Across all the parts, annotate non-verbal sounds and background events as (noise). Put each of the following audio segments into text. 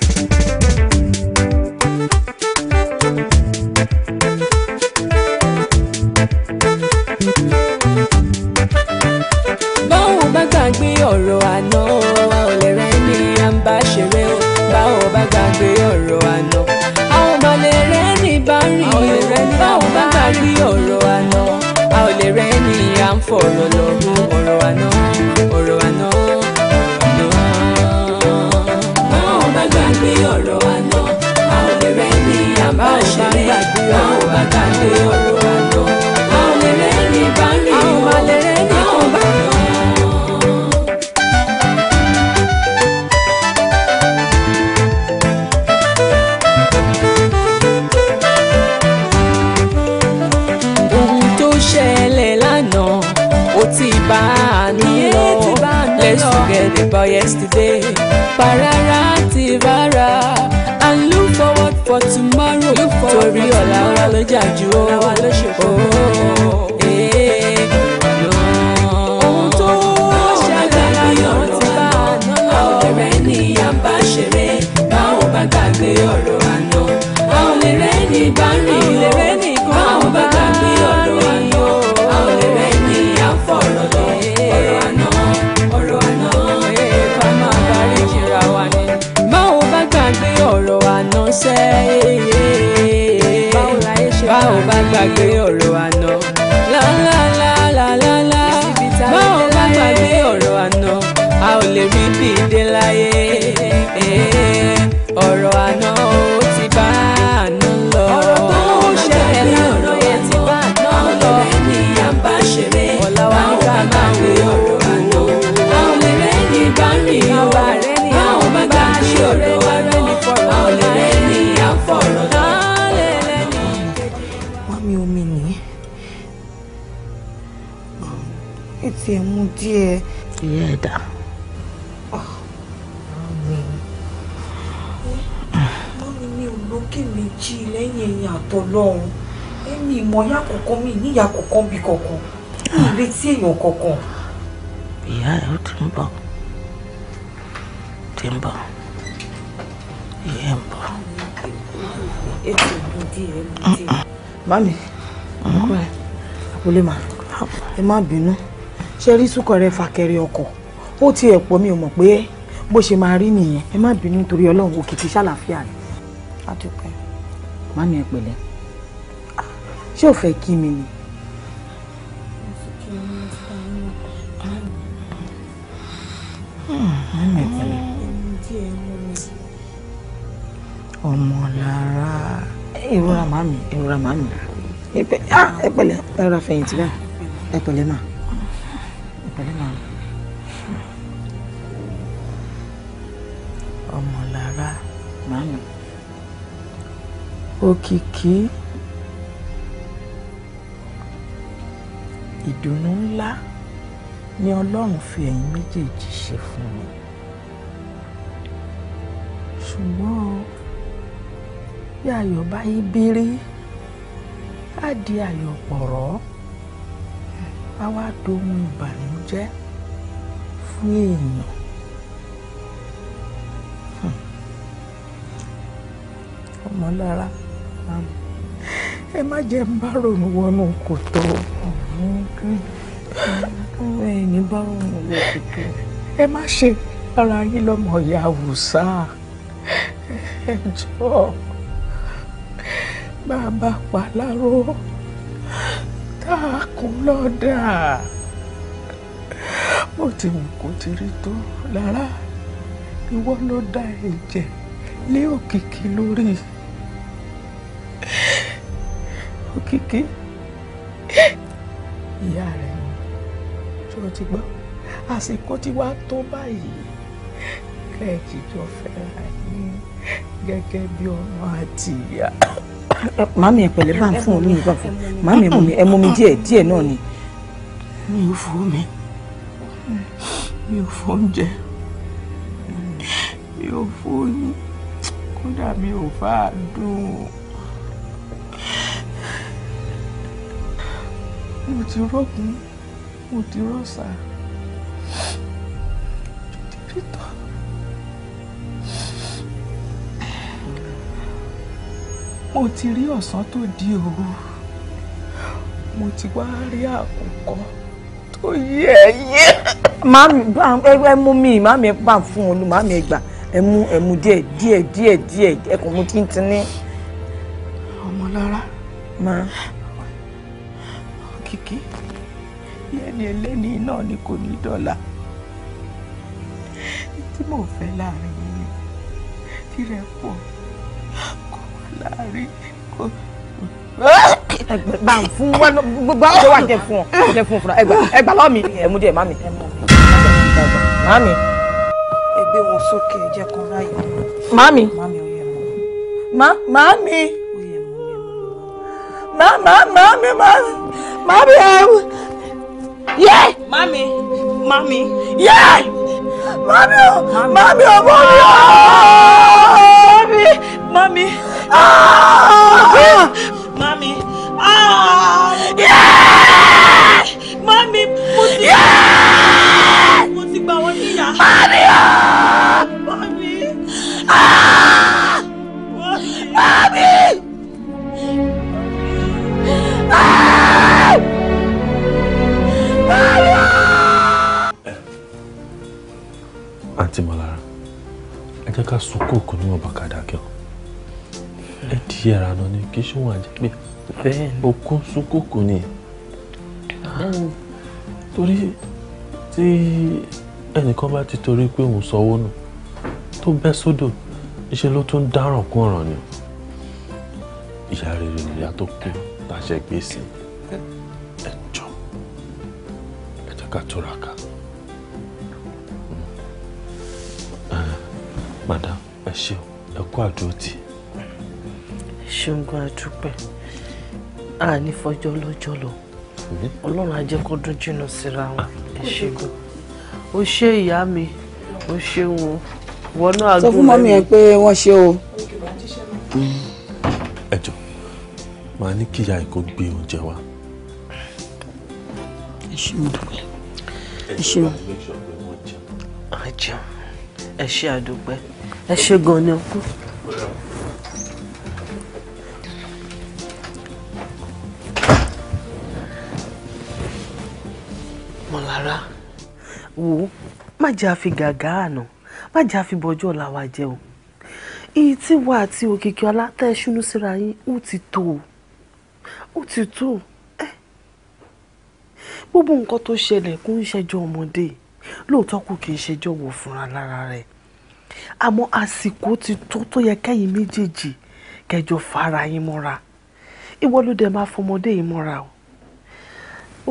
Thank you. bá mi ọkọ ẹ àpòlé binu, ẹ má bínú ṣe rí súkọ rẹ fàkẹrẹ ọkọ ó ti ẹ̀ pọ̀ mi o mọ̀ pé bó ṣe máa rí nìyẹn ẹ má bínú torí ọlọ́run òkìkí ṣàlàáfíà ni. adúpẹ́. mami ẹ pẹ̀lẹ́ ṣé ò fẹ́ kí mi ni. mami ẹ pẹ̀lẹ́ ìrora màmí ìrora màmí ẹ pẹ̀lẹ́ ẹ ra fẹ̀yìntì báyìí ẹ pẹ̀lẹ́ mà ẹ pẹ̀lẹ́ mà. ọmọlára màmí òkìkí ìdùnnú ńlá ni ọlọ́run fi ẹ̀yin méjèèjì ṣe fún mi ṣùgbọ́n bí ayọ̀ bá yí béré á di ayọ̀ pọ̀rọ̀ á wá dohun ìbànújẹ́ fún èèyàn. Hmm. ọmọlára ẹ má jẹ́ ń bá ronú wọnú kòtò. ẹ̀yin bá ronú wọnú kòtò. ẹ má ṣe ara yín lọ́mọ ìyá àwùsá ẹ jọ̀ọ́ bá a bá pa láró tá a kún lọ́dà mo ti wù kó ti rí tó lára ìwọ ló dá ẹ̀jẹ̀ lé òkìkí lórí òkìkí ìyá rẹ̀ tí o ti gbọ́ àsìkò tí wàá tó báyìí kẹ́ẹ̀jì jọ fẹ́ra yín gẹ́gẹ́ bí ọmọ àti ìyá màmí ẹ pẹ̀lẹ́ bá ń fún omi ìbá fún màmí ẹmú mi ẹmú mi díẹ̀ díẹ̀ náà ni. mi ò fún omi mi ò fún oúnjẹ mi ò fún oyin kódà mi ò bá a dùn. mo ti rọ́ọ̀kùn mo ti rọ́ọ̀sà. mo ti rí ọ̀sán tó di òru mo ti wá rí àkùkọ tó yẹ yẹ. màmí ẹ mú mi màmí ẹ bá fún olú màmí ẹ gbà ẹ mú ẹ mú díẹ̀ díẹ̀ díẹ̀ díẹ̀ ẹ kò mú tíntínní. ọmọlára. má. òkìkí bí ẹni ẹlẹ́ni náà ni kò ní dọ́là tí mo fẹ́ láàrin yìí tí rẹ pọ̀ láàrin kò. ẹgbẹ́ bá ń fún wọn gbogbo àwọn tó wà jẹ fún ọ jẹ fún fúnra ẹgbà ẹgbà lọ́ọ̀ mi ẹ̀mú díẹ̀ mami. mami. ẹgbẹ́ wọn sókè ẹ̀jẹ̀ kan ráyè. mami. mami. mami. mami mami ẹ̀rù. yẹ. mami mami. yẹ. mami o mami o mami o mami. mami. Mami. Ah. Mami, mo ti mo ti gbà wọ́n níyà. Mami o. Ah. Mami. Mami. Àǹtí Mọ̀lára, ah. ẹ jẹ́ ká sunkún òkú níwọ̀n bàkàdà ẹ di ẹ̀rànà ni kí ṣé wọn àjẹ́ pé okun súnkòkò ni torí tí ẹnìkan bá ti torí pé òun sanwó nù tó bẹ́ sódò ṣe ló tún dáràn kún ọ̀ràn ni ìyá rere nìyá tó kú láṣẹ gbèsè ẹ jọ ẹ jẹ́ ká túraká hmm. eh, madam ẹ ṣeun ẹ kú àdúrótì ṣùgbọ́n àdúpẹ́ a ní fọjọ́ lọ́jọ́ lọ mhm. ọlọ́run á kó dún jìnnà síra wọn ah. ẹ ṣe o ṣe ìyá mi o ṣeun o sọ fún mọ́mí ẹ pé wọ́n ṣe o. ẹ màá ní kíyà ẹ kó gbé oúnjẹ wá. ẹ ṣe mo dúpẹ́ ẹ ṣe ẹ ṣe àdúpẹ́ ẹ ṣe gan ni ọkọ. wò ó má jẹ́ àfi gàgà àná má jẹ́ àfi bọ́jọ́ ọ̀la wa jẹ́ o èyí tí wà àti òkìkí ọlá tẹ́ ẹ ṣúnú síra yín ó ti tó o ó ti tó o gbogbo nǹkan tó ṣẹlẹ̀ kó ń ṣẹjọ́ ọmọdé lóòótọ́ kù kì í ṣẹjọ́ wò fúnra lára rẹ̀ àmọ́ àsìkò ti tó tó yẹ kẹ́yìn méjèèjì kẹjọ fara yín mọ́ra ìwọ ló dẹ̀ máa fọmọdé yìí mọ́ra o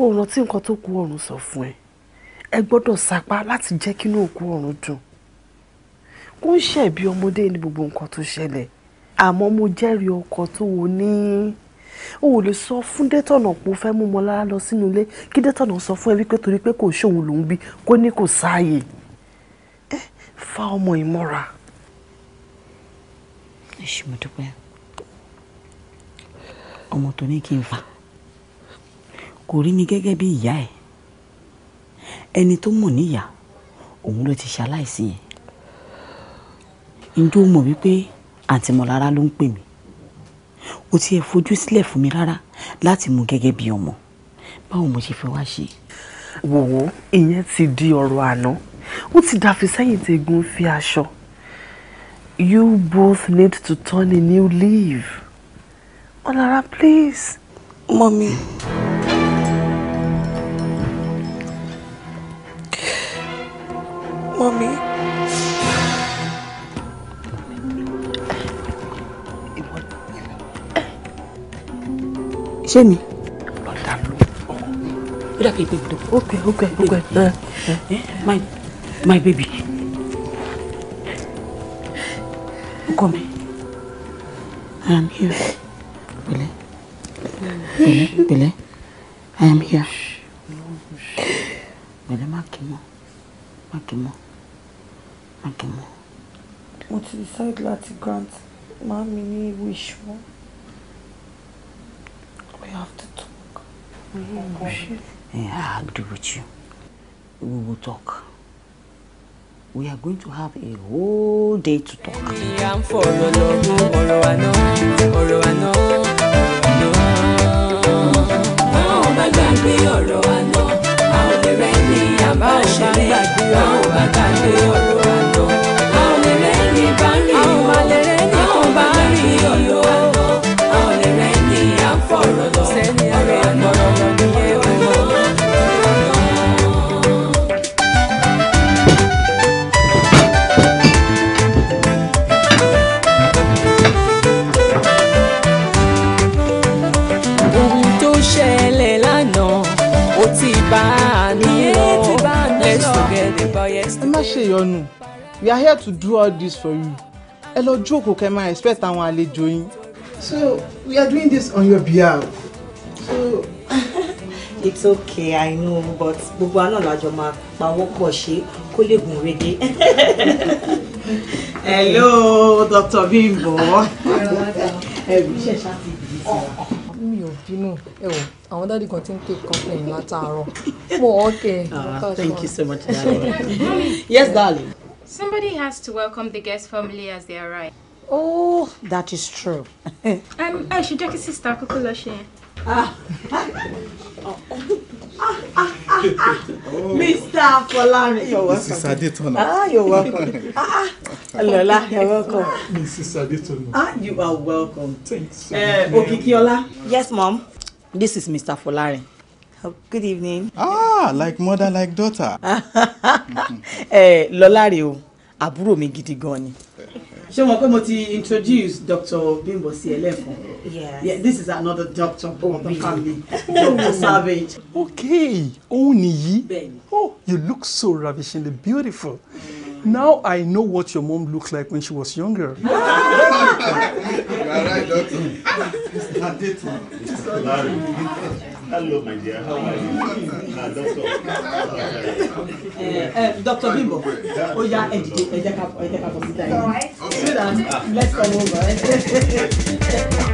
ò rántí nǹkan tó kù ọ̀run sọ fún ẹ ẹ gbọ́dọ̀ sapá láti jẹ́ kínú òkú ọ̀run dùn kó ń ṣẹ̀bi ọmọdé ní gbogbo nǹkan tó ṣẹlẹ̀ àmọ́ mo jẹ́rìí ọkọ tó wò ní o ò lè sọ fún dẹ́tọ̀nà pé o fẹ́ mú Mọ́lá lọ sínú ilé kí dẹ́tọ̀nà sọ fún ẹ wípé torí pé kò ṣòun lòún bí kó ní kò sáàyè ẹ fa ọmọ ìmọ́ra. ẹ ṣe mo dúpẹ́ ọmọ tó ní kí n fà kò rí mi gẹ́gẹ́ bí ìyá ẹ̀ ẹni tó mọ̀ níyà òun ló ti ṣaláìsí yẹn ǹjẹ́ o mọ̀ wípé àǹtí mọ̀lára ló ń pè mí o tiẹ̀ fojú sílẹ̀ fún mi rárá láti mú gẹ́gẹ́ bí ọmọ báwo mo ṣe fẹ́ wá ṣe. wò ó ìyẹn ti di ọ̀rọ̀ àná ó ti dàfi sẹ́yìn tẹ̀gùn fi aṣọ you both need to turn a new leaf. Ọlára please. Mommy. Mọ́mí. ṣé mi. lọ́dà ló ó dà bíi bèbè tó. ok ok ok uh, eh, my my baby ọkọ mi i am here pẹ̀lẹ́ pẹ̀lẹ́ pẹ̀lẹ́ i am here pẹ̀lẹ́ má kí mọ́ má kí mọ́ àtọmọ. mo ti decide láti grant màmí ní wish wọn. we have to talk. we mm-hmm. I agree with you. We will talk. We are going to have a whole day to talk. Oh for Olorun, ẹ má ṣe ìyọnu we are here to do all this for you ẹ lọ jókòó kẹ́ máa expect àwọn àlejò yín. so we are doing this on your behalf. so (laughs) it's okay i know but gbogbo àná làjọ máa pawọ́ pọ̀ ṣe kó lè gùn régé. (laughs) hello dr bimbo. mi ò bínú ẹ wò àwọn dáàdì kan ti ń pè complain látàárọ̀ mo okay. Uh, thank you so much darling. yes darling. Somebody has to welcome the guest family as they arrive. Oh, that is true. um, I ṣe jẹ́ kí sísá kúkú ah ṣe yẹn. Ah. Mr. Folarin, you're welcome. Mrs. Adetona. Ah, you're welcome. ah, ah. Lola, you're welcome. Mrs. Adetona. Ah, you are welcome. Thanks. So uh, eh, Okikiola. Yes, mom. This is Mr. Folarin. Oh, good evening. Ah, like mother, like daughter. (laughs) Eh, Lọlárè o, àbúrò mi gidi gan ni. Ṣé mo pé mo ti introduce Dr. Bimbo sí ẹ lẹ́ẹ̀kan? Yes. Yeah, this is another doctor from the family, Dr. Savage. Okay, òun nìyí. Oh, you look so ravishingly beautiful. Now I know what your mom looked like when she was younger. Ah! Doctor. Mr. Hello, my dear. How are you? doctor. Doctor Bimbo. Ó yá ẹ jẹ́ ká ẹ jẹ́ ká bọ̀ síta yìí. So that let's come over. (laughs)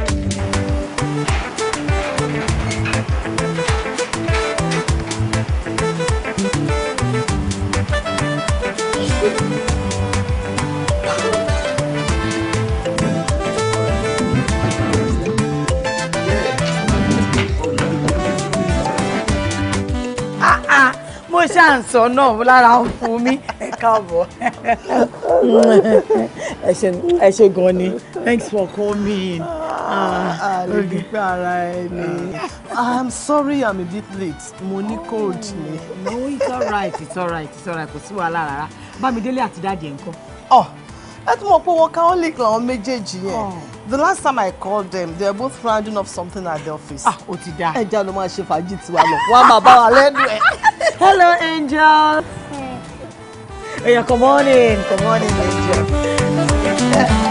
ó ṣàǹsọ náà lára fún mi ẹ káàbọ̀ (laughs) ẹ ṣe gan ni thanks for coming. àlejò ah, ah, i'm sorry i'm a bit late Money ní cold ni. no it's alright it's alright it's alright kò sí wàhálà rárá bámidélé àti dáàdì ẹ̀ ń kọ́. ọ oh, ẹ tún mọ̀ pé wọn only lè làwọn méjèèjì yẹn. Oh the last time I called them they were both rounding up something at the office. ah o ti da. ẹja ló máa ṣe fàájì tiwa lọ wọn a máa bá wa lẹ́nu (laughs) hello angel. oya hmm. hey, come on in come on in angel. (laughs)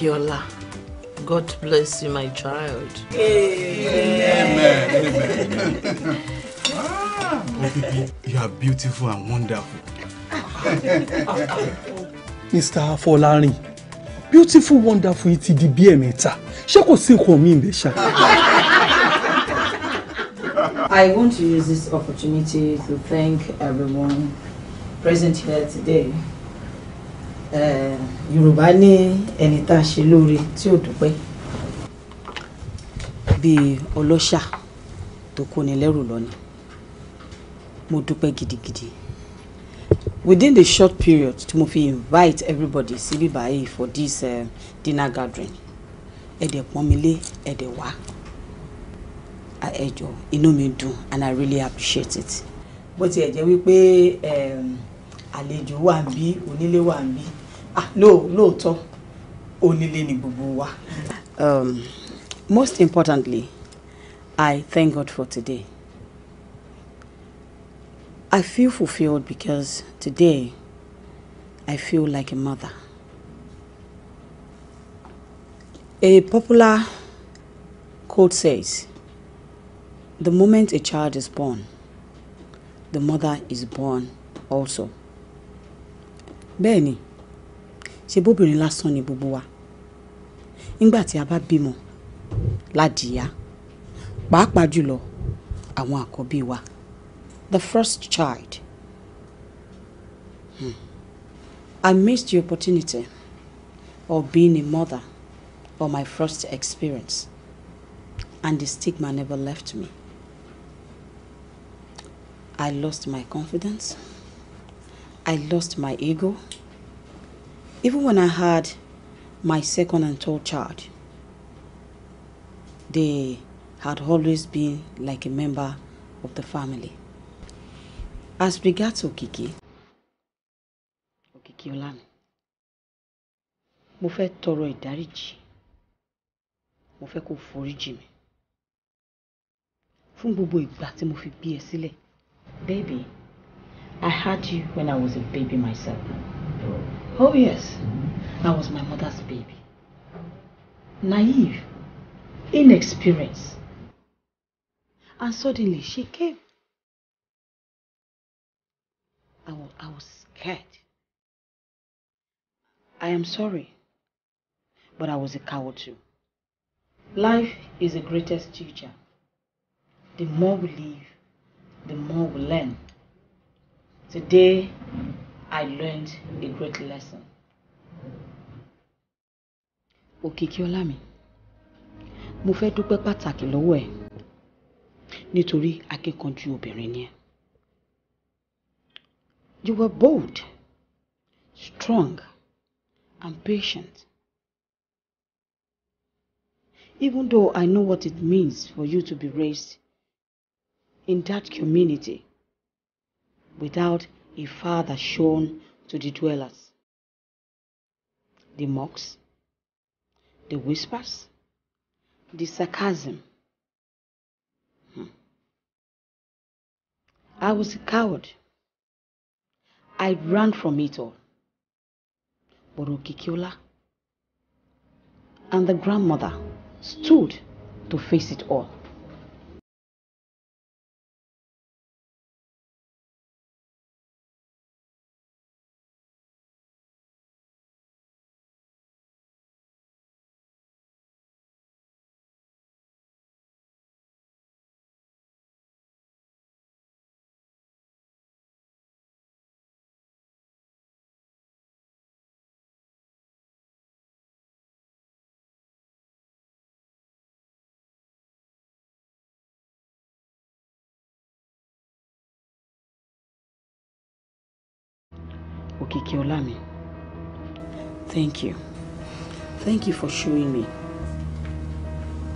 Akiola. God bless you, my child. Amen. Amen. Amen. ah, Obibi, you are beautiful and wonderful. Mr. Folarin, beautiful wonderful ti di bí ẹ̀mẹ́ta. Ṣé kò sí nǹkan mi ìbẹ̀ ṣá? I want to use this opportunity to thank everyone present here today. Eh, yorùbá ní ẹni tá a ṣe lóore tí ò dúpẹ́ bíi ọlọ́ṣà tó kóni lẹ́rù lọ́nà mo dúpẹ́ gidigidi within the short period tí mo fi invite everybody síbí báyìí for this uh, dinner gathering ẹ̀dẹ̀ pọ́n mi lé ẹ̀dẹ̀ wá ẹ̀jọ̀ inú mi dùn and I really appreciate it. bó tiẹ̀ jẹ́ wípé eh, àlejò wà ń bí onílé wà ń bí ah, lóòótọ́ onílé ni gbogbo wa. Um, most importantly, I thank God for today. I feel fulfilled because today I feel like a mother. A popular quote says, the moment a child is born, the mother is born also bẹ́ẹ̀ ni ṣe bóbìnrin lásán ni gbogbo wa nígbà tí a bá bímọ ládìyá pàápàá jùlọ àwọn àkọ́bí wa the first child hmm. I missed the opportunity of being a mother for my first experience and the stigma never left me. I lost my confidence. I lost my ego. Even when I had my second and third child, they had always been like a member of the family. As regards Okiki, Okiki Olami, mo Toro tọrọ ìdáríjì, mo fẹ́ kó foríjì mi fún gbogbo baby. I had you when I was a baby myself. Oh yes, I was my mother's baby. Naive, inexperienced. And suddenly she came. I was, I was scared. I am sorry, but I was a coward too. Life is the greatest teacher. The more we live, the more we learn. Today, I learned a great lesson. Òkìkíọ́lá Olami, mo fẹ́ dúpẹ́ pàtàkì lọ́wọ́ ẹ̀ nítorí akíkanjú obìnrin ni ẹ́. You were bold, strong, and patient. Even though I know what it means for you to be raised in that community. without a father shown to the dwellers. The mocks, the whispers, the sarcasm. Hmm. I was a coward. I ran from it all. But Okikiola and the grandmother stood to face it all. Kiki Thank you. Thank you for showing me.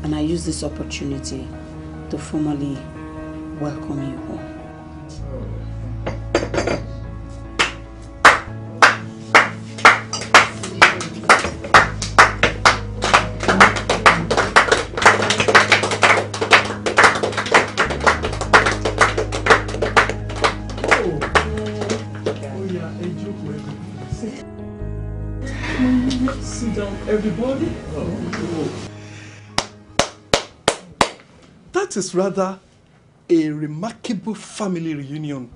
And I use this opportunity to formally welcome you home. everybody. That is rather a remarkable family reunion.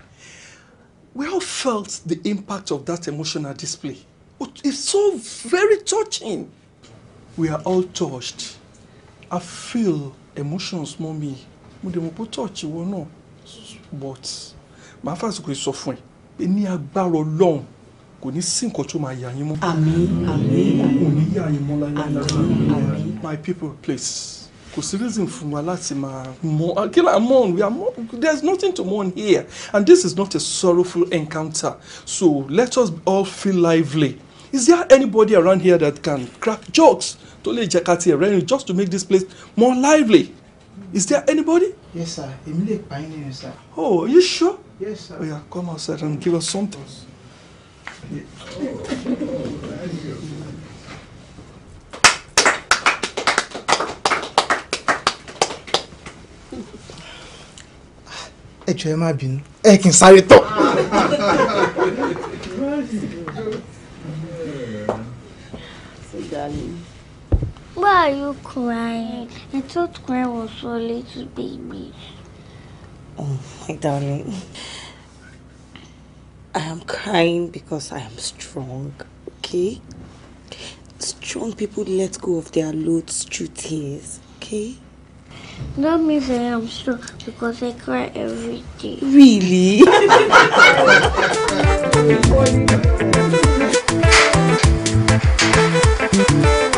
We all felt the impact of that emotional display. It's so very touching. We are all touched. I feel emotions, mommy. Mo dẹ̀ mọ̀ pé touch ìwọ náà but màá fàṣìkò ìsọfún ẹ̀ ní agbára Ọlọ́run kò ní sí nǹkan tó máa yà yín mọ́. àmín àmín kò yà yín mọ́ láyéláyé. àmín my people please kò sí reason fún wa láti máa mọ ah, kí la mourn we are mourn there is nothing to mourn here and this is not a sorrowful encounter so let us all feel lively is there anybody around here that can crack jokes tó lè jẹ́ ká tiẹ̀ rẹ́rìn just to make this place more lively is there anybody. yes sir èmi lè pa yín nínú sir. oh are you sure. yes sir. oya oh, yeah, come outside and give us something. Yeah. Oh, oh, ẹ jọ̀ọ́ ẹ má bínú ẹ kì í sáré tọ̀. Why are you crying? I thought crying was so little babies. Oh, my darling. I am crying because I am strong. Okay? Strong people let go of their loads through tears. Okay? That means I am strong because I cry every day. Really? (laughs) (laughs)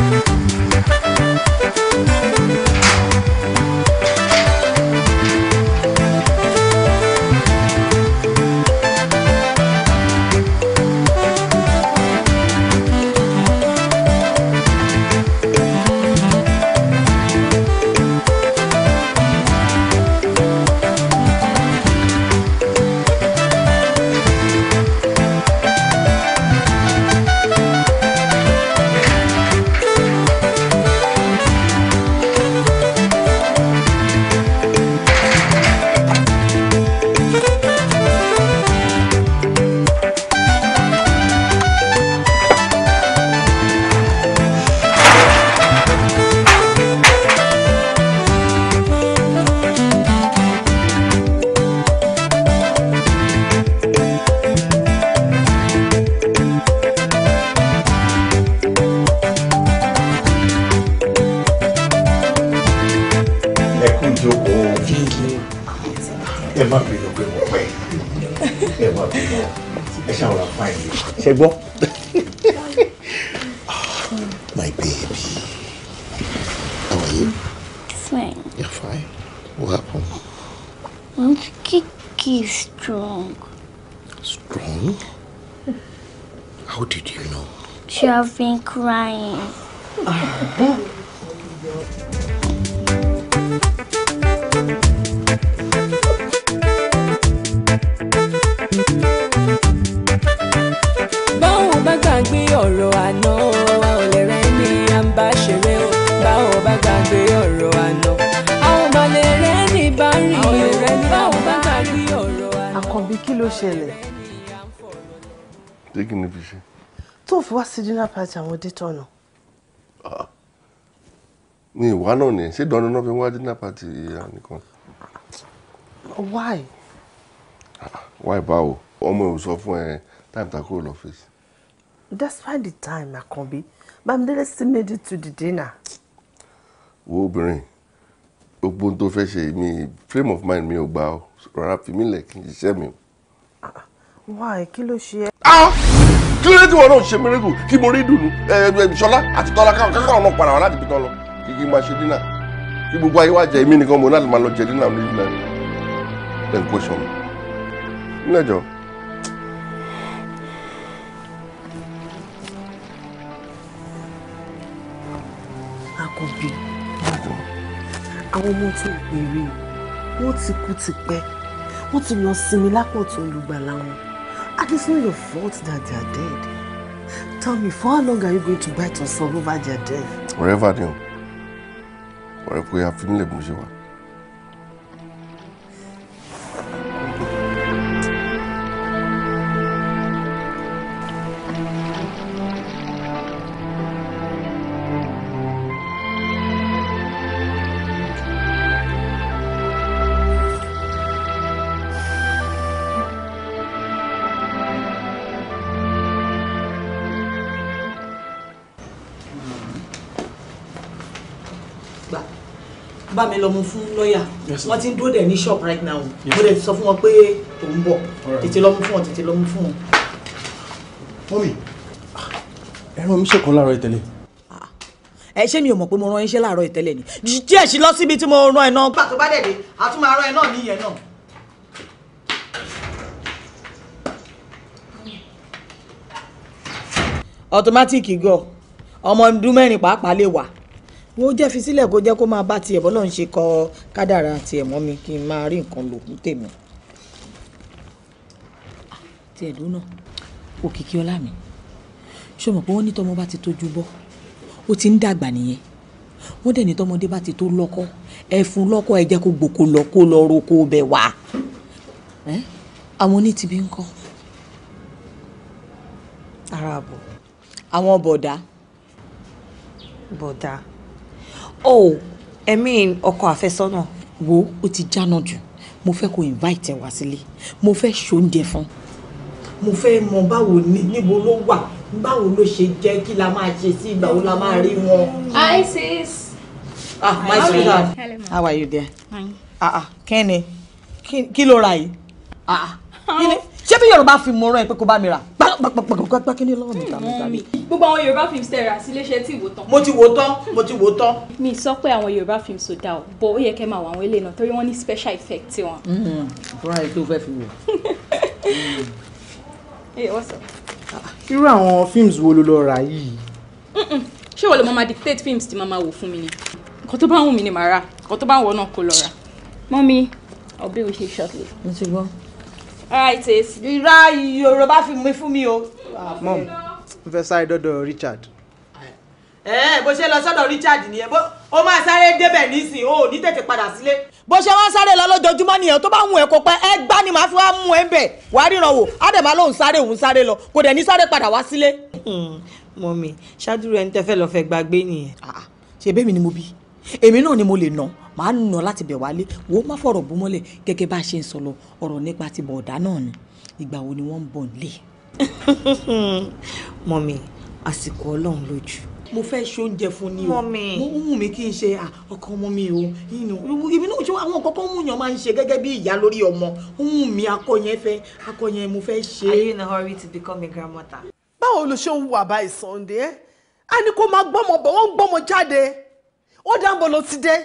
ワイン。fi wá sí dinner party àwọn détọ̀nà. Ah. mi ìwà náà ni ṣé ìdáná náà fi wá dinner party ìyá ah, nìkan. why. Ah, why báwo ọmọ ò sọ fún ẹ time ta kúrò lọ́fíìsì. despite the time Akanbi Bamidele still made it to the dinner. wo obìnrin gbogbo ohun tó fẹ́ ṣe mi frame of mind mi ò gbà ọ rárá fi mí lẹ̀ kí n ṣiṣẹ́ mi. why kí ló ṣe Ah kí ló dé tí wọn náà ṣe mérégù kí mo rí dùnú ṣọlá àti tọ́lá káwọn náà padà wá láti fi tán lọ kí kí n máa ṣe dínà kí gbogbo ayé wá jẹ èmi nìkan mo náà lè máa lọ jẹ dínà ní ìlànà then question nílẹ̀jọ́. àkànbí àwọn ọmọ tó ń pèrè wọn ti kú tipẹ́ wọ́n ti lọ sinmi lápò tó ń lùgbàlà wọn. And it's not your fault that they are dead. Tell me, for how long are you going to bite on some over their death? Wherever they are. Wherever we are, feeling like bá mi lọ mu fún lọ́ọ̀yà wọ́n ti ń dúró dẹ̀ ní shop right now mo dẹ̀ sọ fún wọn pé òun bọ̀ tètè lọ mú fún wọn tètè lọ mú fún wọn. mọ́mì ẹran mi ṣèkan láàárọ̀ ìtẹ́lẹ̀. Ah, ẹ ṣé mi ò mọ̀ pé mo rán iṣẹ́ láàárọ̀ ìtẹ́lẹ̀ ni díẹ̀ sí lọ síbi tí mo rán ẹ náà. nígbà tó bá dẹ̀ dé a tún máa rán ẹ náà ní ìyẹn náà. automatic go ọmọ ọdún mẹ́rin pàápàá lè wà wo jẹ́ fi sílẹ̀ kó jẹ́ kó máa bá tiẹ̀ bọ́lọ́ ń ṣe kọ kádàrà tiẹ̀ mọ́ mi kí n máa rí nǹkan lò fún tèmi. tiẹ̀ dúnà òkìkí ọlá mi ṣé o mọ̀ pé wọ́n ní tọmọ bá ti tójú bọ́ ó ti ń dàgbà nìyẹn wọ́n dẹ̀ ní tọmọdé bá ti tó lọ́kọ́ ẹ lọ́kọ́ ẹ jẹ́ kó gbòkó lọ kó lọ roko bẹ̀ wá àwọn oní tìbí ń kọ́. ara àbọ̀. àwọn bọ̀dá. bọ̀dá. O, oh, i mean ọkọ àfẹ́sọ́nà. wo o ti jáná jù mo fẹ́ kó invite ẹ wá sílé mo fẹ́ ṣoúnjẹ fún. mo fẹ́ mọ báwo níbo ló wà báwo ló ṣe jẹ́ kí la máa ṣe sí ìgbà wo la máa rí wọn. hi ah my sweetheart how are you there. fine. ah ah kẹ́ni kí ló ra yìí. ah, ah. kí ni ṣé bí yorùbá fi mọ̀ ọ́rọ́ ẹ pé kó bá mi rà pákínní lọ́wọ́ mi tàbí tàbí. gbogbo àwọn films tẹ ra sí iléeṣẹ́ tí ìwò tán. mo ti wò tán mo ti films ò dá o bó ó yẹ kẹ́ máa wọ àwọn ilé náà torí wọ́n special effect tiwọn. Hmm, fúnra ẹ tó fẹ́ fi wò. (laughs) Ah, irú àwọn films wo ló lọ rà yìí. ṣé wọ́n lè dictate films tí màmá wò fún mi ni nǹkan tó bá wù mí ni màá rà nǹkan tó bá shortly. mo ti alright ìra yorùbá fi mi fún mi o. mom n fẹ́ sáré dọ́dọ̀ Richard. ẹ bó ṣe lọ sọ́dọ̀ Richard nìyẹn bó ó máa sáré débẹ̀ nísìnyí o ò ní tètè padà sílé. bó ṣe wá ń sáré lọ lójoojúmọ́ nìyẹn tó bá ń wù ẹ́ kó pẹ́ ẹ gbá ni màá fi wá mú ẹ ń bẹ̀ wàá ríran wò ádẹ́mà lòún sáré òun sáré lọ kò dẹ̀ ní sáré padà wá sílé. Hmm, mọ̀mí ṣáájú rẹ̀ ń tẹ́fẹ́ lọ fẹ́ gbàgbé nìyẹn. Ah, ṣèbémi ni mo bí èmi náà ni mo lè ná màá nà láti bẹ̀ wálé wò ó má fọ̀rọ̀ bú mọ́lẹ̀ gẹ́gẹ́ bá a ṣe ń sọ lọ ọ̀rọ̀ nípa ti bọ̀ọ̀dá náà ni ìgbà wo ni wọ́n ń bọ̀ nílé. (laughs) mọ̀mí àsìkò ọlọ́run lójú. mo fẹ́ ṣoúnjẹ fún ni o mo ń mú mi kí n ṣe ọkọ ọmọ mi o ibi náà ṣe àwọn kọ́kọ́ mú yàn máa ń ṣe gẹ́gẹ́ bí ìyá lórí ọmọ ń mú mi akọ yẹn fẹ́ akọ yẹn mo fẹ́ ṣe. are you in a hurry to become a grandmother. báwo ló ṣe ń wà báyìí Sunday ẹ́ a ní kó máa gbọ́mọ bọ̀ wọ́n ń gbọ́mọ jáde ó dáńbọ̀ ló ti dé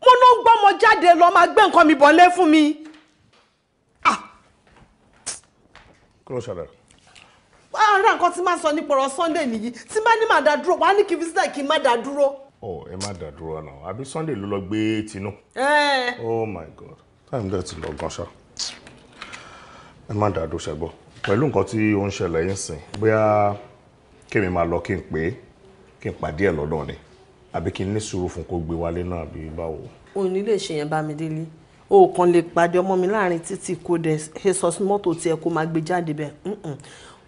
mo ló ń gbọ́mọ jáde lọ máa gbé nǹkan mi bọ̀ lé fún mi. Ah! kí ló ṣẹlẹ̀. ara nǹkan tí máa sọ nípa ọ̀rọ̀ Sunday nìyí tí máa ní máa dá dúró wàá ní kí fisita kí n má dá dúró. ọ oh, ẹ má dá dúró náà àbí Sunday ló lọ gbé tinú. oh my god time dẹ̀ ti lọ gan ṣá ẹ má dá dúró ṣẹgbọ́ pẹ̀lú nǹkan tí ó ń ṣẹlẹ̀ yín sìn bóyá kémi máa lọ kí n pè é kí n pàdé ẹ̀ lọ́dọ̀ ni àbí kí n ní sùúrù fún kó gbé wálé náà bí báwo. o ní lè ṣe yẹn bá mi délé o kàn lè pàdé ọmọ mi láàrin títí kò dé jesus mọ́tò tiẹ̀ kó máa gbé jáde bẹ́ẹ̀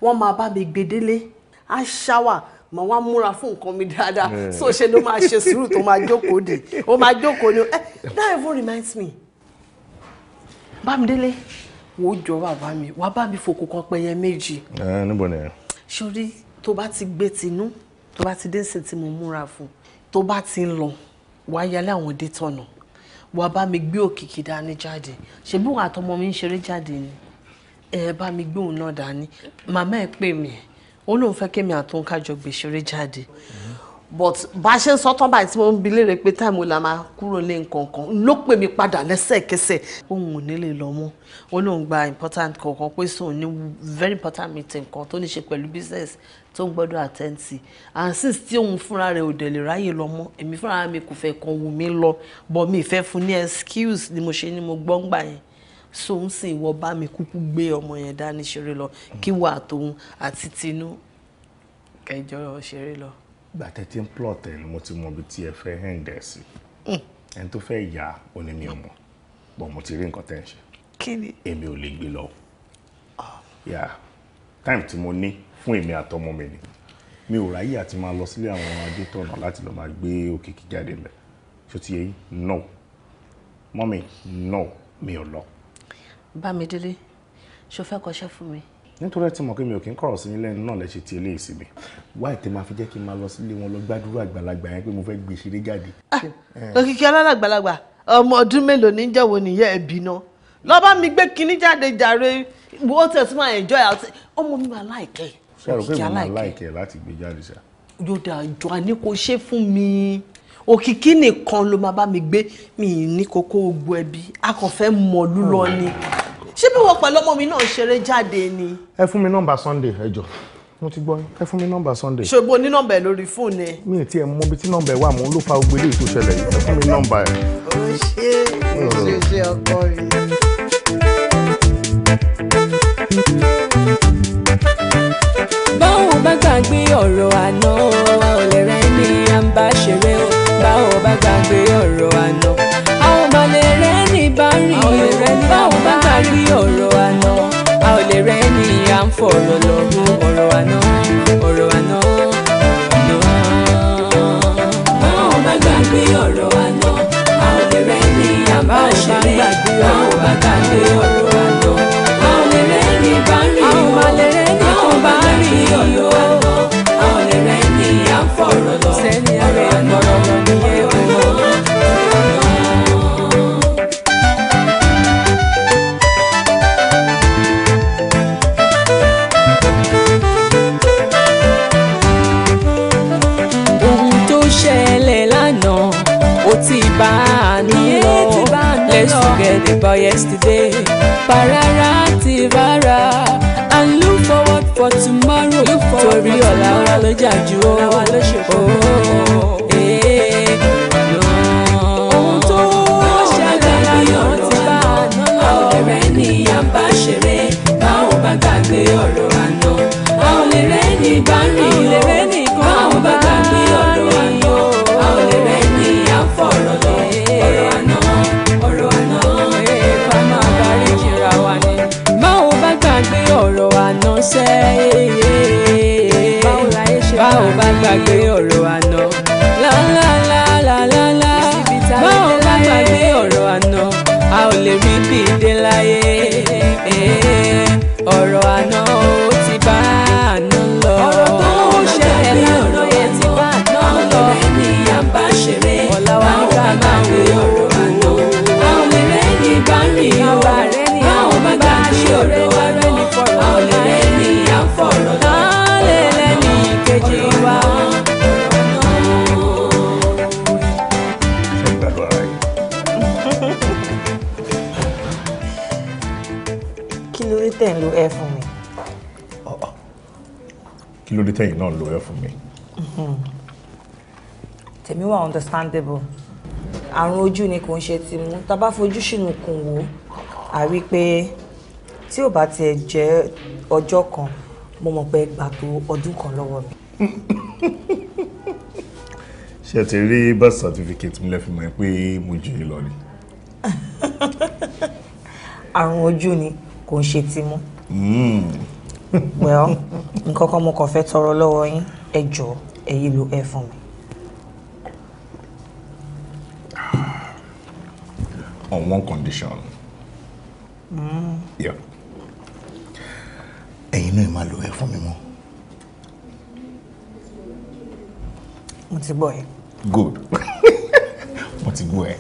wọ́n máa bá mi gbé délé á ṣáwà mà wá múra fún nǹkan mi dáadáa eh. so ṣe ló máa ṣe sùúrù tó máa jókòó dé o máa jókòó ni eh that even reminds me bámidélé wò ó jọ bàbá mi wà bá mi fòkò kan pẹyẹ méjì. ẹ eh, níbo ni. sori tó bá ti gbé tinú tó bá ti dé sí mo múra fún un tó bá ti ń lọ wàá yálé àwọn dé tọ̀nà wàá bá mi gbé òkìkí dání jáde ṣebí wàá tọmọ mi ń ṣeré jáde ni ẹ bá mi gbé òun náà dání màmá ẹ pè mí ó lóun fẹ́ kémi àtòun kájọ gbé ṣeré jáde but bá a ṣe ń sọ tán báyìí tí mo ń bi léèrè pé táìmù la máa kúrò lé nǹkan ló pè mí padà lẹ́sẹ̀kẹsẹ̀ òun ò nílé lọ mọ́ ó lóun gba important kọ̀ọ̀kan pé sóun ní very important meeting kan tó ní ṣe pẹ̀lú business tó ń gbọ́dọ̀ àtẹ́ǹtì and since tí òun fúnra rẹ̀ ò dẹ̀ lè ráyè lọ èmi fúnra mi kò fẹ́ kan wù mí lọ but mi fẹ́ fún ní excuse ni mo ṣe ni mo gbọ́ ń gbà yẹn so ń sìn ìwọ bá mi kúkú gbé ọmọ yẹn dání ṣeré lọ kí wà tóun àti tinú kẹjọ ṣeré lọ. ìgbà tẹ́tí ń plot ẹ̀ ni mo ti mọ ibi tí ẹ fẹ́ hẹ́ǹdẹ̀ sí hmm. ẹni tó fẹ́ yà ó ní mi ò mọ̀ mo ti rí nǹkan tẹ́ ń ṣe. kí ni. èmi ò lè gbé lọ. time tí mo ní fún èmi àtọmọ mi ni mi ò ráyè àti máa lọ sílé àwọn adétọ̀nà láti lọ máa gbé òkìkí jáde mẹ́ ṣó ti no mọ́mì no mi ò lọ. bámidélé ṣo fẹ́ kọṣẹ́ fún mi. nítorí ẹ ti mọ̀ pé mi ò kí ń kọ̀rọ̀ sí yín lẹ́nu náà lẹ ṣe ti eléyìí sí mi wá ìtẹ máa fi jẹ́ kí n máa lọ sílé wọn lọ gbàdúrà àgbàlagbà yẹn pé mo fẹ́ gbé ṣeré jáde. Ah, òkìkí alálàgbàlagbà ọmọ ọdún mélòó ní jẹ́wọ́ nìyẹn ẹ̀bí náà lọ́ bá mi gbé kinní jáde jàre wọ́n tẹ̀sí máa enjoy ọmọ mi máa láìpẹ́ sọ̀rọ̀ pé mo máa láìkẹ́ láti gbé jáde sá. yóò dáa jọ àní kò ṣe fún mi òkìkí nìkan ló máa bá mi gbé mi ní kókó gbogbo ẹbí a kàn fẹ́ mọ̀ lúlọ ni ṣé bí wọ́n pẹ̀lú ọmọ mi náà ṣeré jáde ni. ẹ fún mi nọ́mbà Sunday ẹ jọ mo ti gbọ́ ẹ fún mi nọ́mbà Sunday. ṣògbó ní nọ́mbà ẹ lórí fóònù ẹ. mi ò tiẹ̀ mọ ibi tí nọ́mbà ẹ wà mò ń ló fa gbogbo eléyìí tó ṣẹlẹ̀ yìí ẹ fún mi nọ́mbà ẹ. ó ṣe é ṣe ọkọ rẹ. gbàgbé ọ̀rọ̀ àná a ò lè rẹ́ à ń bá ṣeré o bá ò bá gbàgbé ọ̀rọ̀ àná. a ò mà ní bá rìn o bá ò bá gbàgbé ọ̀rọ̀ àná a ò à ń fọ̀rọ̀ lọ́rùn. said about yesterday. Parara ti bara, and look forward for tomorrow. Torí ọ̀la wa ló jà jù ó. Oh, eh, Ohun tó ṣàgbára yọ̀ ti bá àná lọ. Ọ̀rẹ́ ni ìyá ń bá ṣeré, báwo bá gbàgbé ọ̀rọ̀ àná. Báwo lè rẹ́ ní bá rìn ó. Que tẹ̀yìn náà lo ẹ fún mi. tèmi wà understandable àrùn ojú ni kò ń ṣe ti mú tá a bá fojú ṣìnùkùn wò á rí i pé tí ò bá tiẹ̀ jẹ́ ọjọ́ kan mo mọ̀ pé gbà tó ọdún kan lọ́wọ́ mi. (laughs) ṣé ti rí birth certificate mi lẹ́fi mọ̀ pé mo jù ú lọ ni. (laughs) àrùn ojú ni kò ń ṣe ti mú. Hmm. well. (laughs) nǹkan kan mo kàn fẹ́ tọrọ lọ́wọ́ yín ẹ jọ̀ọ́ ẹ lo ẹ fún mi. on one condition. Hmm. Yeah. Ẹ̀yin náà máa lo ẹ fún mi mọ́. Mo ti gbọ́ ẹ. Good. (laughs) Mo ti gbọ́ ẹ.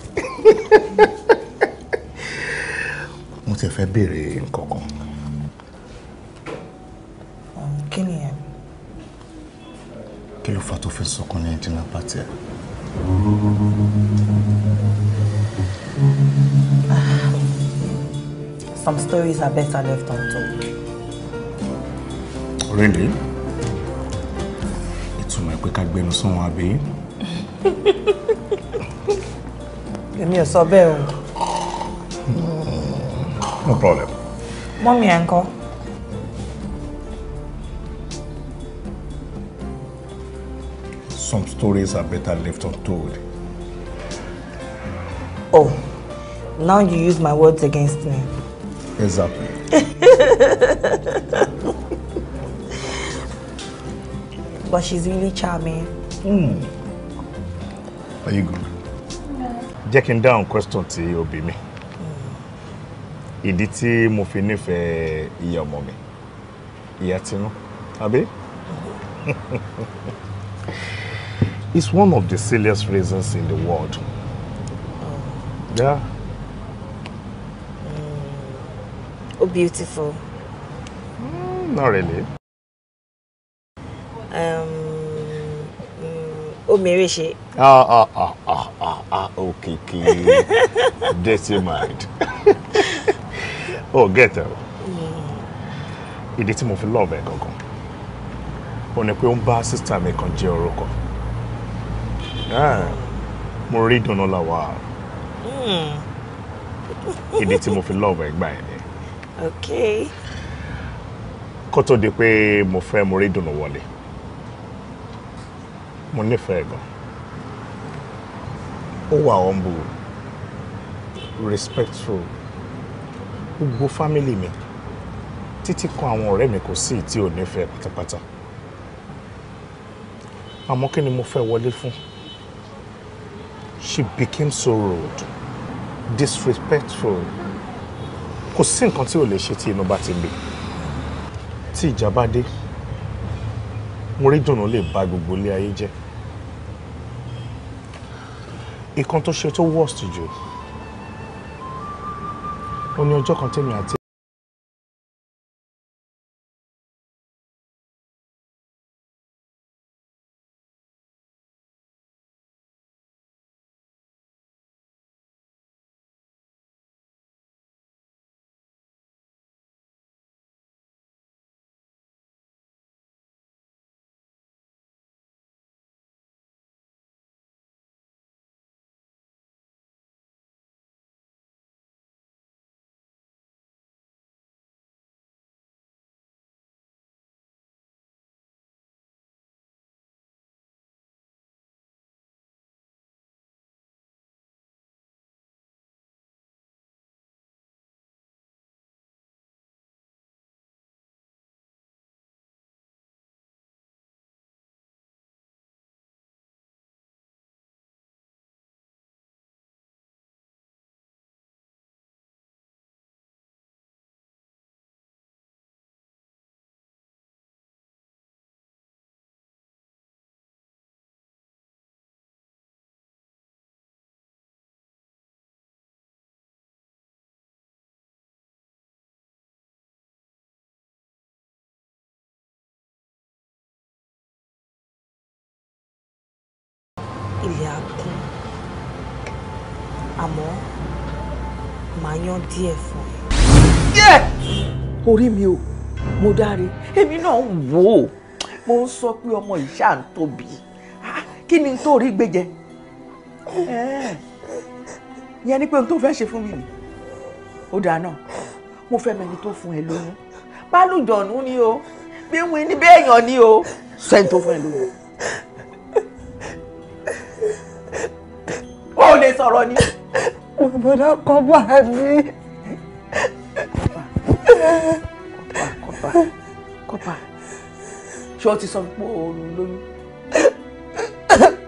(laughs) Mo ti fẹ́ béèrè nǹkan kan. kí ló fà tó fi sunkún ní dinner party ah, Some stories are better left untold. Really? Ìtumọ̀ ẹ̀ pé ká gbẹnu sọ́wọ́n àbí? Èmi ò sọ bẹ́ẹ̀ o. No problem. Mọ́mí ẹ̀ ń kọ́. Some stories are better left untold. Oh, now you use my words against me. Exactly. (laughs) but she's really charming. Mm. Are you good? Jẹ́ kí n dáhùn question tí o bí mi. Hmm. Ìdí tí mo fi nífẹ̀ẹ́ ìyá ọmọ mi. Ìyá Tinú, àbí? Hmm. (laughs) It's one of the silliest reasons in the world. Oh. Yeah. Mm. Oh, beautiful. Mm, not really. Um, mm, oh, she. Ah, ah, ah, ah, ah, ah, okay, okay. (laughs) Dirty mind. (laughs) oh, get her. Mm. Ìdí tí mo love ẹ gangan. Ó ní pé ó ń bá sister mi kan jẹ́ Ah, mo rí ìdáná làwà hmm. ìdí tí mo fi lọ́ọ̀bù ẹ̀gbà ẹ̀ ni. kó tó di pé mo fẹ́ mo rí ìdáná wọlé mo nífẹ̀ẹ́ gan ó wà humble respectful gbogbo family mi títí kan àwọn ọ̀rẹ́ mi kò sí tí ò nífẹ̀ẹ́ pátápátá àmọ́ kí ni mo fẹ́ wọlé fún she became so rude disrespectful kò sí nǹkan tí ò lè ṣe tí inú bá ti gbé tí ìjà bá dé mo rí dùnú lè ba gbogbo ilé ayé jẹ́ ìkan tó ṣe tó worst jù ó ní ọjọ́ kan tèmi àti. ìyá kún àmọ́ màá yan díẹ̀ fún ẹ. orí mi ò mo dáre èmi náà wò ó mo ń sọ pé ọmọ ìṣá ń tóbi ah, kí ni n tó rí gbé eh, yẹn ni pé n tó fẹ́ ṣe fún mi nì ó dáa náà mo fẹ́ mẹni tó fún ẹ lóyún bálùjọ̀nù ni o bí wọn ní bẹ́ẹ̀yàn ni o sẹ́ni tó fún ẹ lóyún. lè sọ̀rọ̀ ni. bọ̀dá kọ́ bá a ní. kọ́pà kọ́pà kọ́pà ṣé o ti sọ pé òòrùn lóyún.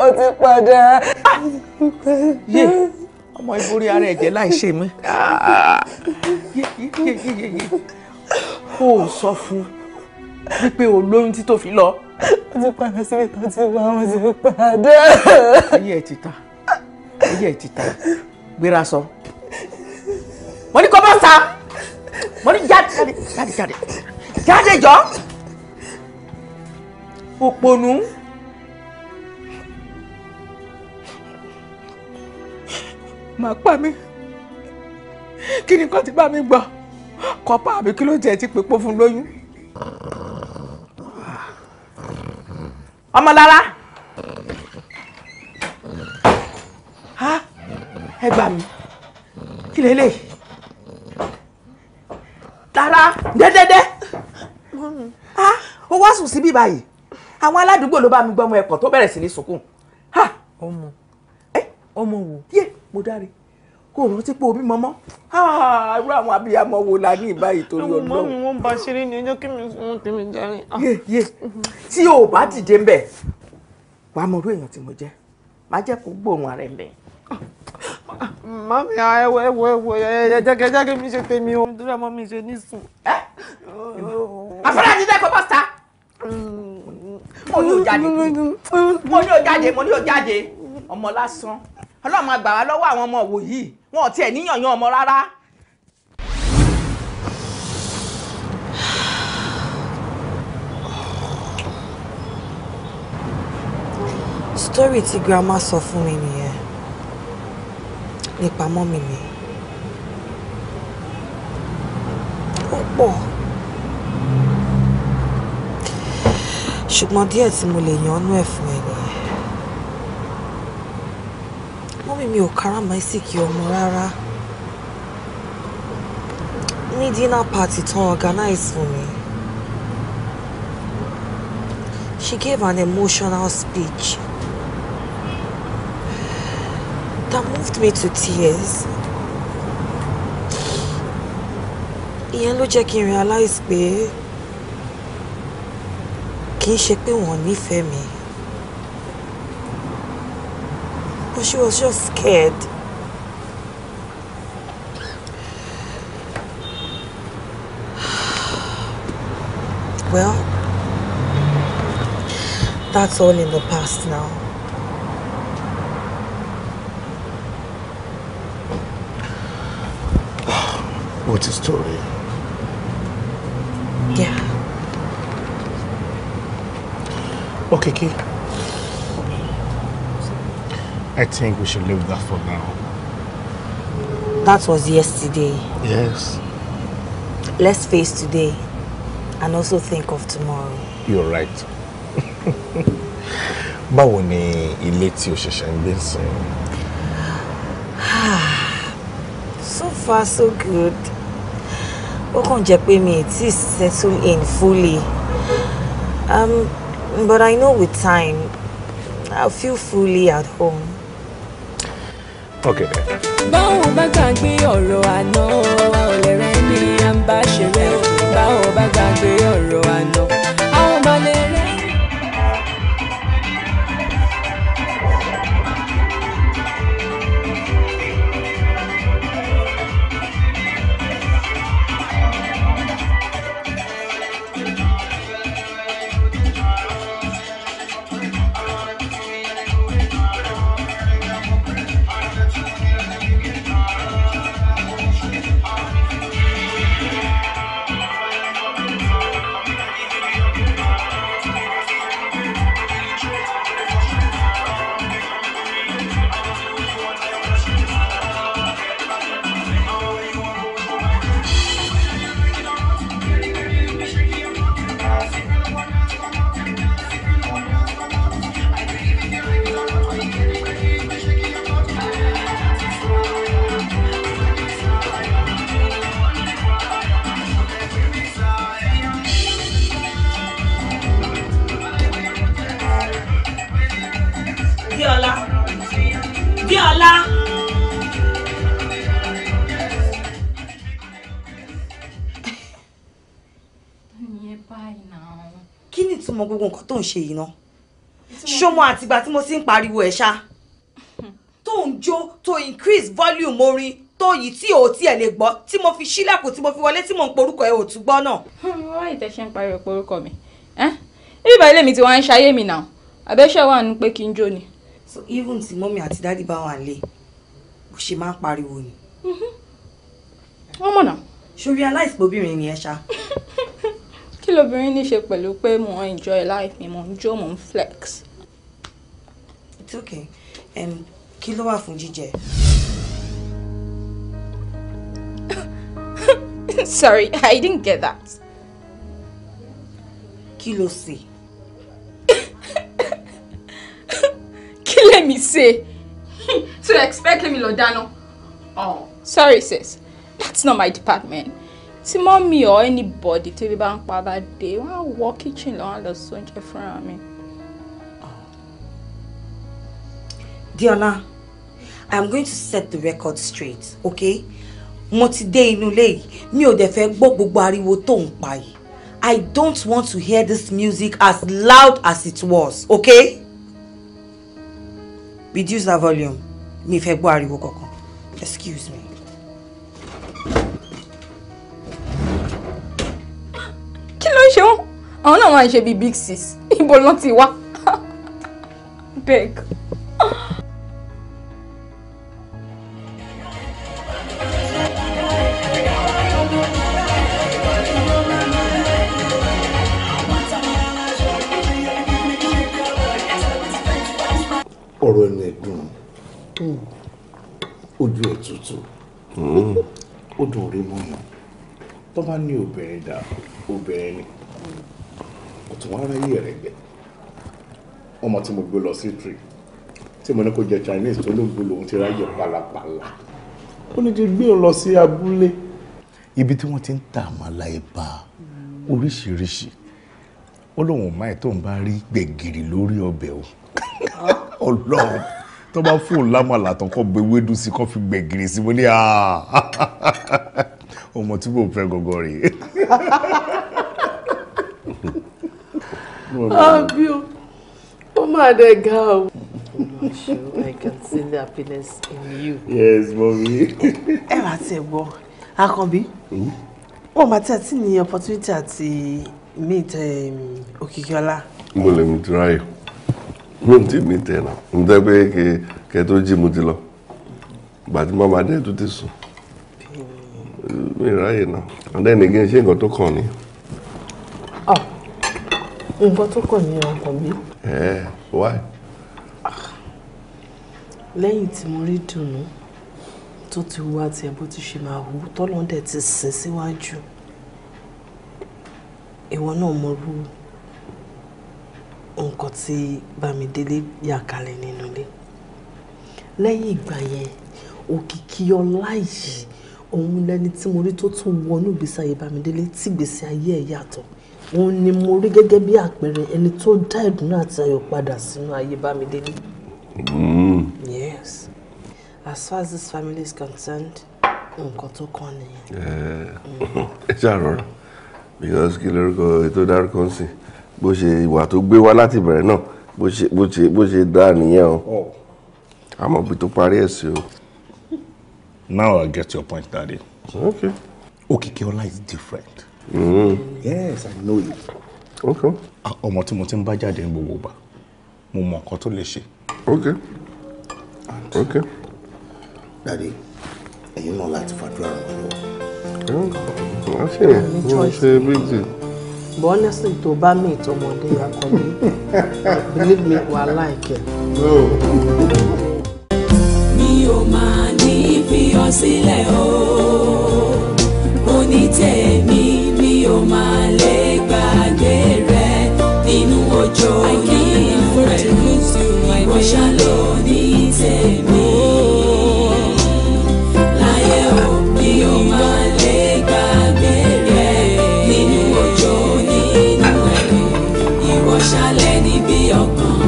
o ti padà. yé ọmọ ìborí ara ẹ̀jẹ̀ láì ṣe mí. yé yé yé yé yé kó o sọ fún wípé o lóyún tí fi lọ. o ti padà síbi tó ti o ti padà. ayé ẹ ti ta orí ẹ̀ ti ta gbéra sọ mo ní kó bọ́ sa mo ní jáde jáde jáde jáde jọ òpònú. màá pa mí kí ni kan ti bá mi gbọ́ kọ́pá àbí kí ló jẹ́ ti pèpò fún lóyún. ọmọlára ha ẹ gbà mí kí lélẹ̀ tara dẹ́dẹ́dẹ́ ha ó wá sùn síbí báyìí àwọn aládùúgbò ló bá mi gbọ́mọ ẹ̀kọ́ tó bẹ̀rẹ̀ sí ní sunkún ha ọmọ ọmọ wò yé mo dáre kò rántí pé omi mọ́mọ́ irú àwọn abiyamọ wo la ní ìbáyìí torí ọdún. ọmọ mi wọn bá ṣeré ní ẹjọ́ kí mi sún tèmi járe. Ah. tí o bá dìde ń bẹ̀ wàá mọ irú èèyàn tí mo jẹ́ má jẹ́ kó gbóòórùn ara ẹ̀ mẹ́. mami ẹwọ ah, ẹwọ ẹwọ ẹ jẹ́kẹ́ jẹ́kẹ́ mi ṣe tèmi o nítorí ọmọ mi ṣe ní sùn. àfọlájú dẹ́kọ̀ bọ́ sá. mo ní o jáde mo ní o jáde mo ní o jáde ọmọ lásán ọlọ́run máa gbà wá lọ́wọ́ àwọn ọmọ òwò yìí wọn ò tiẹ̀ níyànyàn ọmọ rárá. story tí grandma sọ fún mi nìyẹn nípa mọ́mì mi ó pọ̀ ṣùgbọ́n díẹ̀ tí mo lè yànnú ẹ̀ fún ẹ nìyẹn mọ́mì mi ò káràmáìsìkì ọmọ rárá ní dinner party tán organize fún mi. She gave an emotional speech that moved me to tears. ìyẹn ló jẹ́ kí n realize pé kì í ṣe pé wọ́n nífẹ̀ẹ́ mi but she was just scared. well, that's all in the past now. about his story. Yeah. Okay, Key. I think we should leave that for now. That was yesterday. Yes. Let's face today and also think of tomorrow. You're right. (laughs) Báwo ni ilé tí o ṣẹ̀ṣẹ̀ ń gbé (sighs) So far so good ó kàn jẹ́ pé mi ì tí settle in fully um, but I know with time I'll feel fully at home. Okay. báwo bá gbàgbé ọ̀rọ̀ àná wa ò lè rẹ́ ní àǹbá ṣeré báwo bá gbàgbé ọ̀rọ̀ àná. nǹkan tó ń ṣe yìí ná ṣọmọ àtìgbà tí mo ti ń pariwo ẹ̀ ṣá (laughs) tó ń jó tó increase volume orin tó yìí tí ò tí ẹ̀ lè gbọ́ tí mo fi ṣílẹ̀kùn tí mo fi wọlé tí mò ń porúkọ ẹ̀ ò tún gbọ́ náà. (laughs) wọ́n ìtẹ̀ ṣe ń pariwo porúkọ mi ibi ìbàlẹ̀ lèmi tí wọ́n ń ṣayé mi náà àbẹ́ṣẹ́ wà nù pé kí n jó ni. so even tí mọ́mí àti dádì bá wà lé bó ṣe máa ń pariwo ni. Mm-hmm. wọ́n mọ̀ náà. ṣó realize pé obìnrin ni ẹ ṣá (laughs) Kí lobìnrin ní ṣe pẹ̀lú pé mo ń enjoy life mi, mo ń jó, mo ń flex? It's okay. Um, kí ló wà fún jíjẹ? (laughs) Sorry, I didn't get that. Kí ló ṣe? (laughs) Kí lèmi ṣe? Hmm, so you expect me lọ dáná? Oh. Sorry sis, that's not my department tí mọ́mì ọ̀ anybody tẹ́bi bá ń pa bá dé wọ́n á wọ kitchen lọ́wọ́ lọ sí oúnjẹ fúnra mi. Diola, am going to set the record straight, okay? Mo ti dé inú ilé yìí, mi ò dẹ̀ fẹ́ gbọ́ gbogbo ariwo tó ń pa yìí. I don't want to hear this music as loud as it was, okay? Reduce that volume. Mi fẹ́ gbọ́ ariwo kankan. Excuse me. ló ń ṣe wọ́n àwọn náà wọ́n á ṣe bíi big six ibo ló ti wá beg. ọ̀rọ̀ ẹnu ẹ̀gbọ́n ojú ẹ̀ tutù hmm. ó dùn rí mọ́yàn tó bá ní obìnrin dà obìnrin ni o tún wá ráyè rẹ̀ gbẹ ọmọ tí mo gbé lọ sí tree tí mo ní kó jẹ Chinese tó ló ń gbé lòun ti ráyè pàlàpàlà ó ní kí gbé lọ sí abúlé ibi tí wọ́n ti ń ta àmàlà ẹ̀bà oríṣiríṣi ó lóun máa tó ń bá rí gbẹ̀gìrì lórí ọbẹ̀ o (laughs) ọlọ́run tó bá fóun lámàlà tán kọ́ gbé wédú sí kọ́ fi gbẹ̀gìrì sí mo ní ah! (laughs) ọmọ tí mo fẹ́ gọ́gọ́ rèé. (laughs) àbí ah, o ó máa dẹ̀ ga o. I can see the happiness in you. Yes, mommy. ẹ say what? How Akànbí be? Oh, my dear, see the opportunity to meet Òkìkíọlá. mo lè mi try. yìí mo ti mi tẹ̀ náà mo tẹ́ pé kẹ tó jí mo ti lọ gbàtí màmá dé tó ti sùn mi ráyè náà and then again ṣé nǹkan tó kàn ni nǹkan tó kàn ní ọkàn mi. ẹ why. lẹ́yìn tí mo rí dùnú tó ti wá tiẹ̀ bó ti ṣe máa hù tọ́lọ́dẹ̀ ti sìn síwájú ìwọ náà mo rú nǹkan tí Bámidélé yà kalẹ̀ nínú ilé lẹ́yìn ìgbà yẹn òkìkí ọlá yìí òun lẹni tí mo rí tó tún wọnú ìgbésí ayé Bámidélé tí ìgbésí ayé ẹ̀ yàtọ̀ òun ni mo rí gẹ́gẹ́ bí àpẹẹrẹ ẹni tó dá ìdùnnú àti ayọ̀ padà sínú ayé Bámidélé. Hmm. yes as far as this family is concerned nǹkan tó kàn nìyẹn. ẹ ṣàrọ̀rọ̀ because kí lórúkọ ètò dárúkọ ń sìn bó ṣe ìwà tó gbé wá láti ìbẹ̀rẹ̀ náà bó ṣe bó ṣe bó ṣe dá nìyẹn o oh. àmọ́ bí tó parí ẹ̀ sí o. now i get your point daddy. okay. Okikiola is different. Mm-hmm. yes i know you. okay. ọmọ tí mo ti ń bá jáde ní gbogbo ìgbà mo mọ nǹkan tó lè ṣe. okay okay. dade ẹ̀yin náà láti fàdúrà wọn lọ. wọ́n ṣe wọ́n ṣe bíjì. but honestly tó bá mi ìtọ́mọdé akọni (laughs) believe me wà láìkẹ́. mi ò máa ní fi ọ sílẹ̀ o onítẹ̀mí ò máa lè gbàgbé rẹ nínú ọjọ́ nínú pẹ̀lú ìwọ ṣàlọ́ ní tèmi. Láyé ò ní ò máa lè gbàgbé rẹ nínú ọjọ́ nínú ẹ̀rí ìwọ ṣàlẹ̀ níbi ọkàn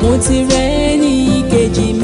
mo ti rẹ́ ní kejì mi.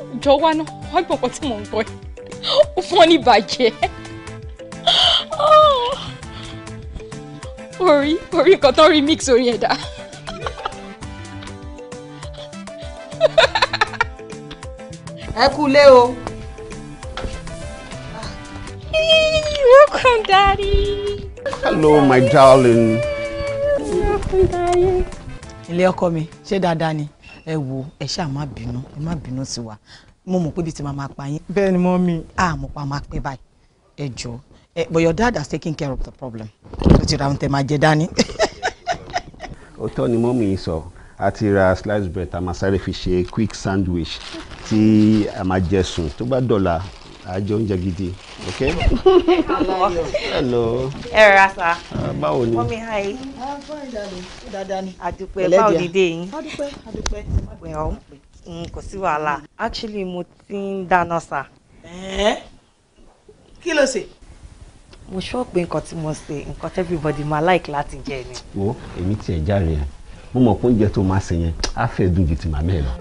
jọ wá náà wọ́n gbọ́ nǹkan tí mò ń gbọ́ yìí ó fún ọ ní ìbàjẹ́ ah! orí orí nǹkan tó remix orin ẹ̀dá. ẹ kú lé o. Ah! welcome daddy. hello my darling. welcome daddy. ilé ọkọ mi ṣé dáadáa ni ẹ wo ẹ ṣáà má bínú ẹ má bínú sí wa mo mọ̀ pé bí ti máa máa pa yín. bẹ́ẹ̀ ni mọ́ mi. a mọ̀ pa máa pẹ́ báyìí ẹ jọ ẹ but your dad has taken care of the problem ó ti ra ohun tẹ máa jẹ dání. (laughs) òótọ́ ni mọ́mì yìí sọ a ti ra slice bread a máa sáré fi ṣe quick sandwich tí a máa jẹ sùn tó bá dọ̀la a jẹ oúnjẹ gidi ok. (laughs) hello. ẹ rẹ asa. Ah, báwo ni. mọ́mí hi. Ah, dáadáa ni. àdúpẹ́ báwo ni dé yín. àdúpẹ́ àdúpẹ́. Mm, kò sí wàhálà actually mo ti ń dáná sà. kí ló ṣe. mo sọ pé nǹkan tí mo ṣe nǹkan tí everybody ma like láti jẹ ni. wo èmi tiẹ̀ járe yẹn mo mọ̀ pé oúnjẹ tó máa ṣe yẹn á fẹ́ dùn ju ti màmá lọ.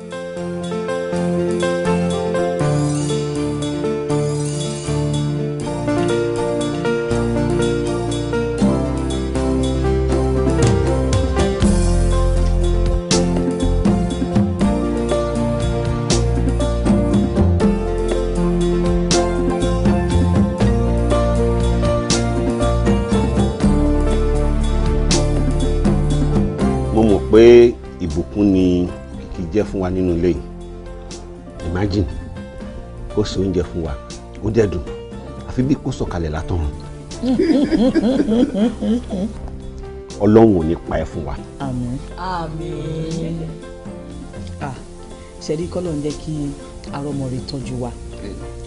jẹ́ fún wa nínú ilé yìí imagine kó ṣe oúnjẹ fún wa ó dẹ̀ dùn àfi bí kó sọ̀kalẹ̀ látọ̀run ọlọ́run ò ní pa ẹ́ fún wa. àmín. ah ṣẹ́rí kọ́lọ̀ ń jẹ́ kí arọ́mọ rẹ̀ tọ́jú wa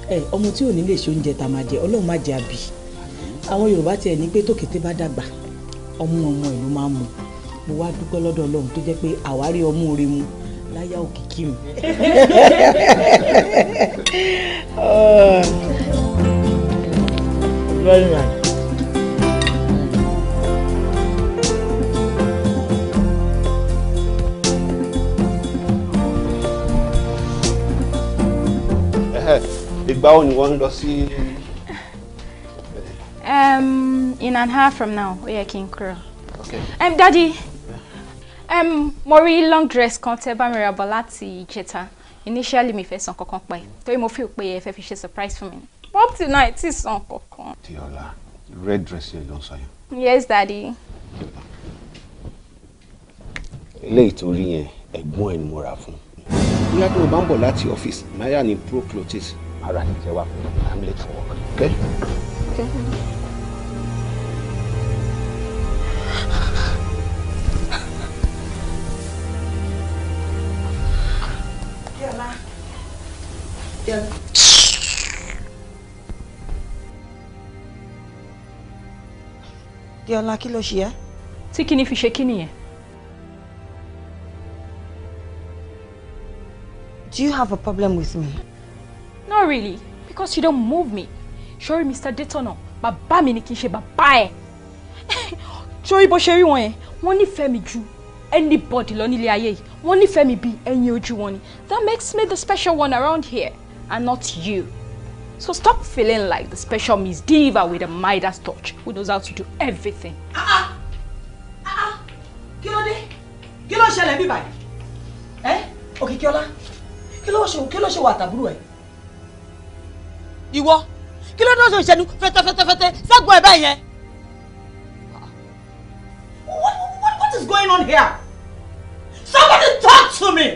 ẹ ọmọ tí ò ní lè ṣe oúnjẹ tá a máa jẹ ọlọ́run má jẹ́ àbí àwọn yorùbá tiẹ̀ ní pé tókété bá dàgbà ọmú ọmọ ìlú máa ń mu mo wá dúpẹ́ lọ́dọ̀ ọlọ́run tó jẹ́ pé àwárí ọmú rẹ̀ mu láyà òkìkí mi. Very nice. ìgbà wo ni wọ́n ń lọ sí. Um, in an hour from now ó yẹ kí n kúrò. okay. Um, daddy. Um, mo rí long dress kan tẹ́ bá mi ra bọ̀ láti ìjẹta. Initially mi fẹ́ san kankan pẹ́ torí mo feel pé ẹ fẹ́ fi ṣe surprise fún mi. Up till now, ẹ ti san kankan. Diola, red dress yẹn ló ń sọ yẹn. Yes, daddy. Eléyìí tó rí yẹn, ẹ̀gbọ́n ẹ̀ ni mo rà fún. Bóyá tó o bá ń bọ̀ láti ọ́fíìsì, Maya ni pro clothes. Ara ti jẹ wá, I'm late for work. Okay? Okay. Yeah. Diola, kí ló ṣe ẹ́? Tí kíni fi ṣe kíni yẹn? Do you have a problem with me? Not really, because you don't move me. Sorry, Mr. Daytona, bàbá mi ni kì í ṣe bàbá ẹ̀. (laughs) Sorry bó ṣe rí wọn yẹn, wọ́n nífẹ̀ẹ́ mi ju anybody lọ nílé ayé yìí. Wọ́n nífẹ̀ẹ́ mi bíi ẹyin ojú wọn ni. That makes me the special one around here and not you. So stop feeling like the special Miss Diva with a Midas touch who knows how to do everything. Ah, ah ah ah! Kí ló dé? Kí ló ṣẹlẹ̀ bí báyìí? Ẹ́ eh? Òkìkíọ́lá, kí ló ṣe kí ló ṣe wà tàbúrò ẹ̀? Ìwọ, fete, fete. dé oṣù ìṣẹ́nu fẹ́tẹ́fẹ́tẹ́fẹ́tẹ́ sẹ́gun What, what, what is going on here? Somebody talk to me!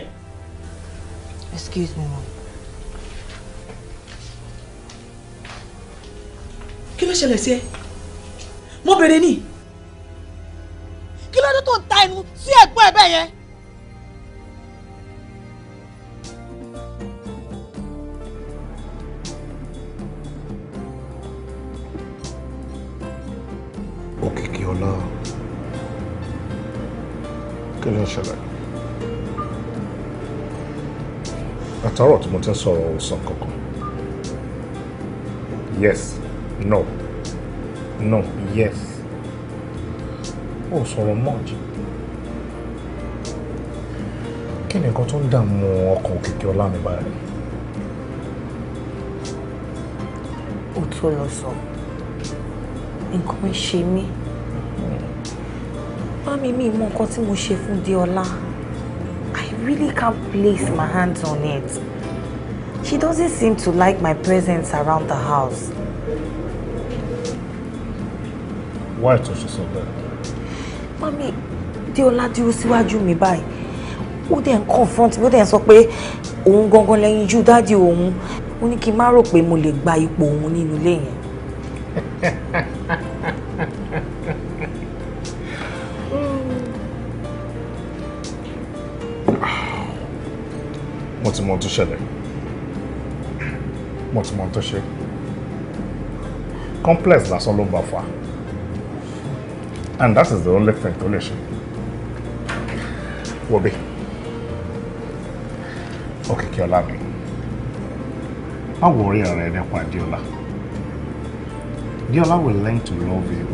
Excuse me, ma. kí ló ṣẹlẹ̀ sí ẹ mo bèrè ni. kí ló dé tó ń ta ẹnu sí ẹ̀gbọ́n ẹ̀ bẹ́ẹ̀ yẹn. òkìkí ọlá kí ló ṣẹlẹ̀ àtàrọ̀ tí mo ti ń sọ̀rọ̀ sàn kankan yes no no yes ó sọ̀rọ̀ much kí ni nǹkan tó ń dààmú ọkàn òkìkí ọlá mi báyìí. ó tó lọ sọ nǹkan ń ṣe mí hmm. mami mi mọ nǹkan tí mo ṣe fún Deola I really can't place my hands on it she doesn't seem to like my presence around the house. Why tó ṣe sọ bẹ́ẹ̀? Mami, Déọlá dúró síwájú mi báyìí. Ó dẹ̀ ń confront mi, ó dẹ̀ ń sọ pé òun gangan lẹ́yìn ju dáàdi òun. Ó ní kí n má rò pé mo lè gba ipò òun nínú ilé yẹn. Mo ti mọ ohun tó ṣẹlẹ̀. Mo Complex lásán ló ń bá and that is the only thing Wobi. Okay, ṣe wọbi worry already, mi báwo orí ọ̀rẹ́ ẹ̀ diola diola will learn to love you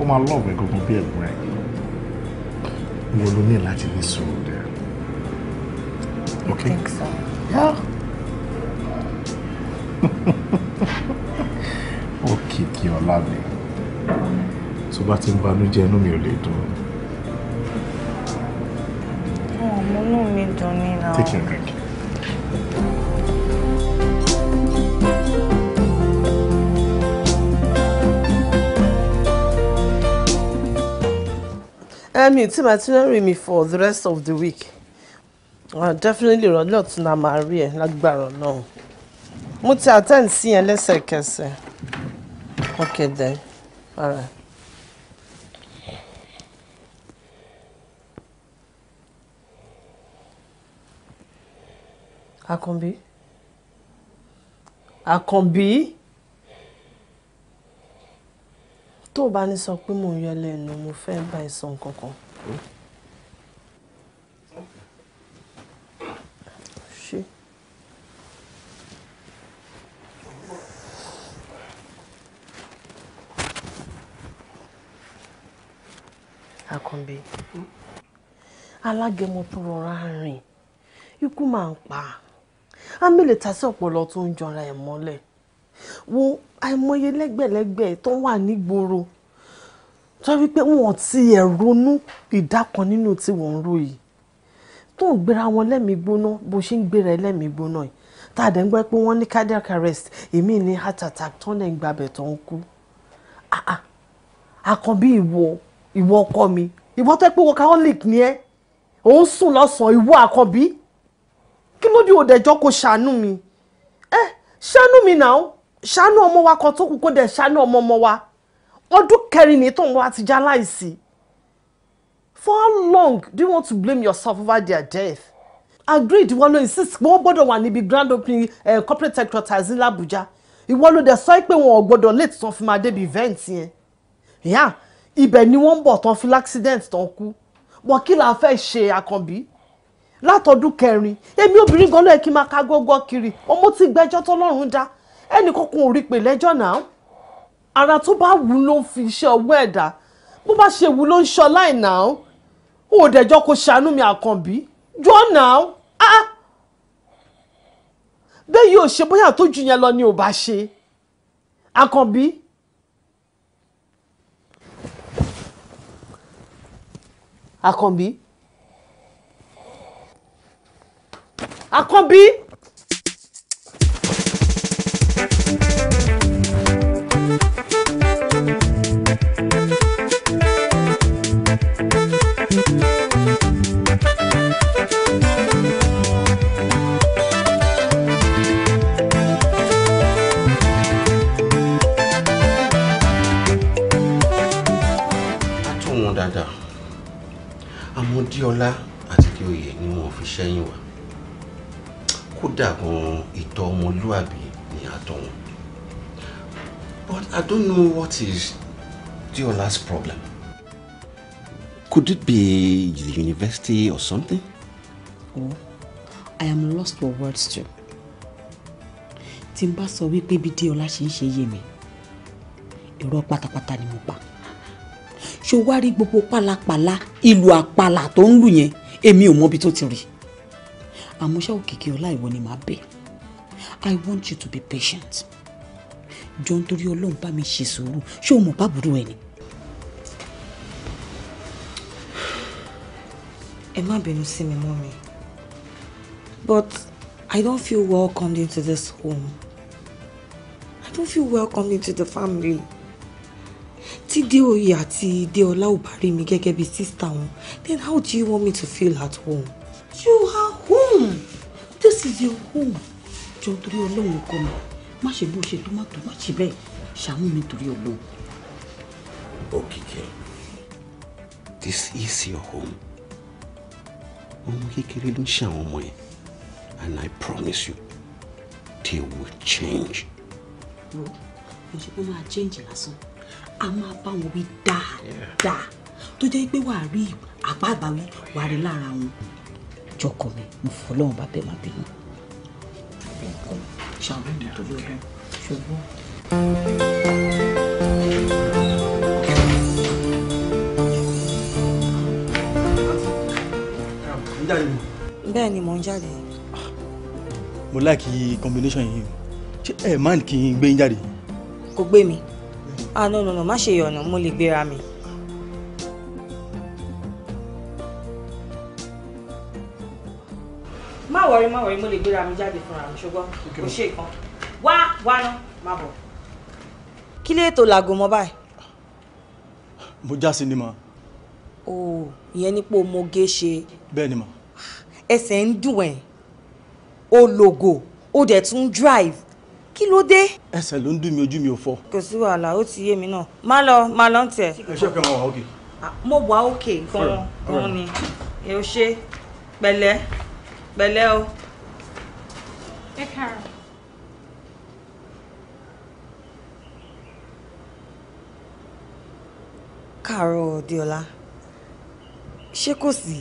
Oh my love ẹ go bí ẹ̀gbọ́n ẹ̀ wo ló ní láti ní sùúrù dẹ̀ okay. I think so. yeah. bá ti ń banújẹ́ inú mi ò lè dùn. ọmọ take a drink. Èmi eh, tí màá ti rí mi for the rest of the week uh, definitely rọlẹ́ ọ̀tún náà máa rí ẹ̀ lágbára náà mo ti attend sí yẹn lẹ́sẹ̀kẹsẹ̀ okay then all right. Àkànbí Àkànbí tó o bá ní sọ pé mò ń yọ lẹ́nu mo fẹ́ bá ẹ sọ nǹkan kan. ṣe. Àkànbí alágẹmọ tó rọra rìn ikú máa ń pa á a á mélòó ta sí ọ̀pọ̀lọ tó ń jọra ẹ̀ mọ́lẹ̀ wo àìmọye lẹ́gbẹ̀lẹ́gbẹ̀ tó wà nígboro tó rí pé wọn ti ẹ̀ ronú ìdá kan nínú tí wọ́n ń ro yìí tó ń gbéra wọn lẹ́mìí gbóná bó ṣe ń gbéra ẹ lẹ́mìí gbóná yìí tá a dẹ̀ ń gbọ́ pé wọ́n ní cardiac arrest èmi ní heart attack tó ń gbàbẹ̀ tó ń kú àkànbí ìwọ ìwọ ọkọ mi ìwọ tó pé workaholic ni ẹ òun sùn lọ́sàn-án ìwọ àkànbí kí ló dé òdẹjọ́ kó ṣàánú mi ẹ eh, ṣàánú mi náà ṣàánú ọmọ wa kan tó kù kó dẹ̀ ṣàánú ọmọ ọmọ wa ọdún kẹrin ní tóun wá ti já láìsí for how long do you want to blame yourself over their death agreed ìwọ ló insist pé wọ́n gbọ́dọ̀ wà níbi grand opening uh, corporate secretaries ní Abuja ìwọ ló dẹ̀ sọ pé wọn ò gbọ́dọ̀ late tán fi máa débi event yẹn yà ibẹ̀ ni wọ́n ń bọ̀ tán fi accident tán kú wọn kí la fẹ́ ṣe àkànbí látọdún kẹrin èmi obìnrin gan lóye kí n máa ka gógó kiri ọmọ tí gbẹ́jọ́ tọ́lọ́run dá ẹnì kankan ò rí pé lẹ́jọ́ náà ara tó bá wù ló ń fi iṣẹ́ ọwọ́ ẹ̀ bó bá ṣe wù ló ń ṣọ láì ó dẹjọ́ kó ṣàánú mi àkànbí jọ náà á ah, ah. bẹ́ẹ̀ yóò ṣe bóyá tó jù yẹn lọ ni ò bá ṣe àkànbí. àkànbí. àkànbí. dáadáa àmọ́ díọ́lá àti kí oyè ni wọ́n fi ṣẹ́yìn wá kódà gan ìtọ́ ọmọlúàbí ni àtọ̀ wọn but I don't know what is Diola's problem. Could it be the university or something? Oh, I am lost for words too. Tí n bá sọ wípé bí Diola ṣe ń ṣe yé mi, irọ́ pátápátá ni mo pa. Ṣé o wá rí gbogbo pálapàla ìlú àpàlà tó ń lù yẹn? Èmi ò mọ tó ti rí àmúṣá òkìkí ọlá ìwọ ni màá bẹ̀ i want you to be patient jọ nítorí ọlọ́run bá mi ṣe sùúrù ṣé o mọ̀ bábùrú ẹ ni. ẹ má bínú sí mi mọ́ mi but i don't feel welcomed into this home i don't feel welcomed into the family tí déoyè àti déọlá ò bá rí mi gẹ́gẹ́ bí sísítà wọn then how do you want me to feel at home you are home this is your home jọ torí ọlọ́run kọ́ mi má ṣe bó ṣe tomato má ṣe bẹ́ẹ̀ ṣàánú mi torí ọlọ́run. Òkìkí this is your home ọmọ kékeré ló ń ṣe àwọn ọmọ yẹn and I promise you they will change. wo ìṣe pé máa change lásán a máa bá wọn wí dáadáa tó jẹ́ pé wàá rí àpá àgbáwí wàá rí lára wọn ẹjọ́ kọ mi mo fọ lọ́wọ́n bá bẹ́ẹ̀ má bínú. ṣàbí bẹ́ẹ̀ ni mò ń jáde. mo láìkí combination yìí ṣé ẹ máa kí n gbé yín jáde. kò gbé mi ah no no no má ṣe yọ̀nà mo lè gbéra mi. wọrí má wọrí mo lè gbéra mi jáde fúnra mi ṣùgbọ́n kò ṣe nǹkan wá wá ná má bọ̀. kí lè tó làgò mọ́ báyìí. mo já sí ni mà. o ìyẹn ní pé o mo gé ṣe. bẹ́ẹ̀ ni mà. ẹsẹ̀ ń dùn ẹ̀ o lògò o dẹ̀ tún drive kí ló dé. ẹsẹ̀ ló ń dùn mí ojú mi ò fọ́. kò sí wàhálà ó ti yé mi náà má lọ má lọ ń tẹ̀. ẹ fẹ́ máa wà ókè. mo wà ókè ah, gan-an ni ẹ ò ṣe pẹ̀lẹ́ pẹ̀lẹ́ o. ẹ káàárọ̀. káàárọ̀ Deola ṣé kò sí.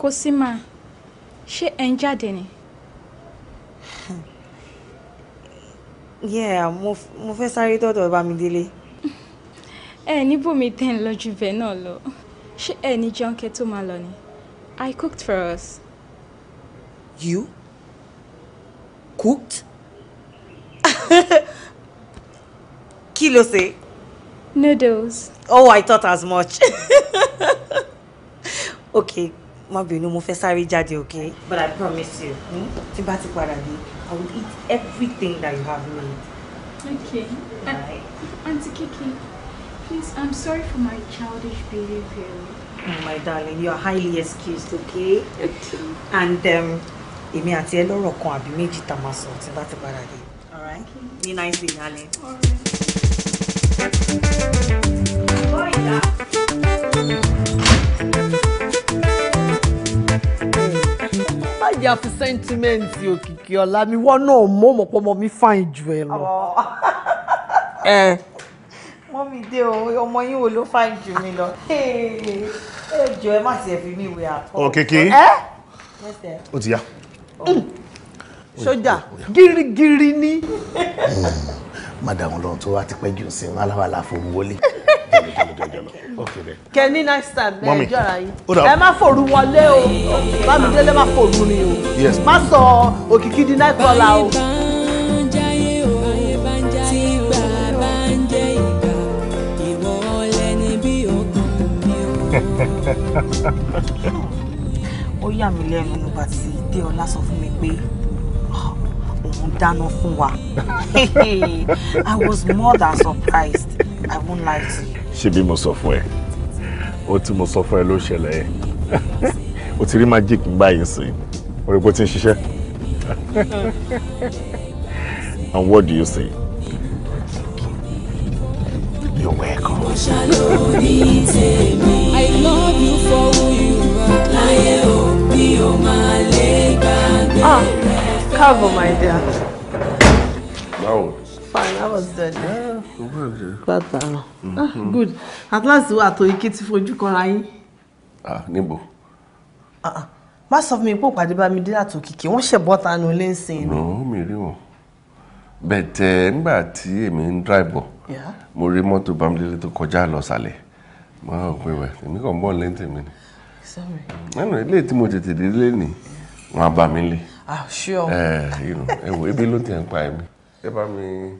kò sí máa ṣé ẹ ń jáde ni. (laughs) yeah mo fẹ́ sáré dọ́dọ̀ Bámidélé. (laughs) ẹ níbòmí tẹ́ ń lọ jù bẹ́ẹ̀ náà lọ ṣé ẹ ní jẹun kẹ́ tó máa lọ ni I cooked for us. You cooked? (laughs) Kilo say Noodles. Oh, I thought as much. (laughs) okay, má bínú mo fẹ́ sáré jáde, okay? But I promise you, hmm? tí bá ti I will eat everything that you have made. Okay. Right. Auntie Kiki, please, I'm sorry for my childish behavior. Oh, my darling, you're highly excused, okay? Okay. And um, èmi àti ẹ lọ́rọ̀ kan àbí méjì tá a máa sọ tí bá ti padà dé. ní náìsí sẹ́ńtímẹ́ǹtì òkìkí ọ̀la mi wọ́n náà mọ́ ọmọpọ́mọ́ mi fàìn jù ẹ lọ wọ́n (laughs) mi dé o ọmọ yín wo ló fà jù mí lọ. ẹ jọ ẹ má ti ẹ fi mí wé àpò. òkìkí ó ti yá sójà gírígírí ni. Hmm. madam ọlọ́run tó wá ti pẹ́ jù sí aláwàlá fòun wọlé kẹni next time ẹ jọra yín ẹ má fòru wọlé o bámidélé má fòru ni o má sọ òkìkí di night caller o. (laughs) ó yà mí lẹ́nu nípa tí Adéọlá sọ fún mi pé òun dáná fún wa (laughs) I was more than surprised I won't lie to you. ṣebí mo sọ fún ẹ o tí mo sọ fún ẹ ló ṣẹlẹ̀ ẹ (laughs) o ti rí magic báyìí sí o rí bó ti ń ṣiṣẹ́ (laughs) and what do you say? You're welcome. I love you for who you are. Ah, cover, my dear. Báwo? Fine, I was dead. Yeah, no problem. Bàtà. Ah, mm-hmm. good. At last, wà tó ike tí fojú kan ra yín. Ah, níbo? Ah, ah, má sọ fún mi pé òpàdé bá mi dé àtò kìkì, wọ́n ṣẹ̀ bọ́ta nu ilé ń No, mi rí But Bẹ̀tẹ̀ eh, nígbà tí èmi ń drive bọ̀, mo rí mọ́tò bámidélé tó kọjá lọ sàlẹ̀. Mo rò pé wẹ̀, èmi kàn mi sorry. nínú ilé tí mo tètè délé ni wọn á bá mi lé. ah sure. Eh, ẹ ẹ wò ebi ló ti ń pa ẹ̀mí ẹ bá mi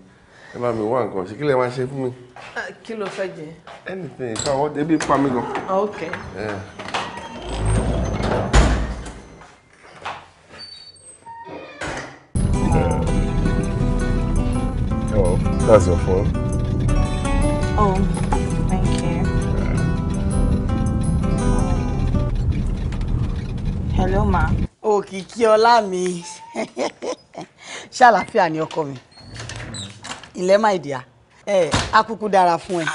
ẹ bá mi wá nǹkan ṣe kí lè máa ṣe fún mi. Ah, kí ló fẹ́ jẹ. anything ká ọwọ́ ebi pa mí gan. Ah, ok. Yeah. Eh, that's your phone. Oh. hello ma. òkìkí ọlá mi ṣàlàáfíà ni ọkọ mi ilẹ̀ máa dìá ẹ akúkú dára fún ẹ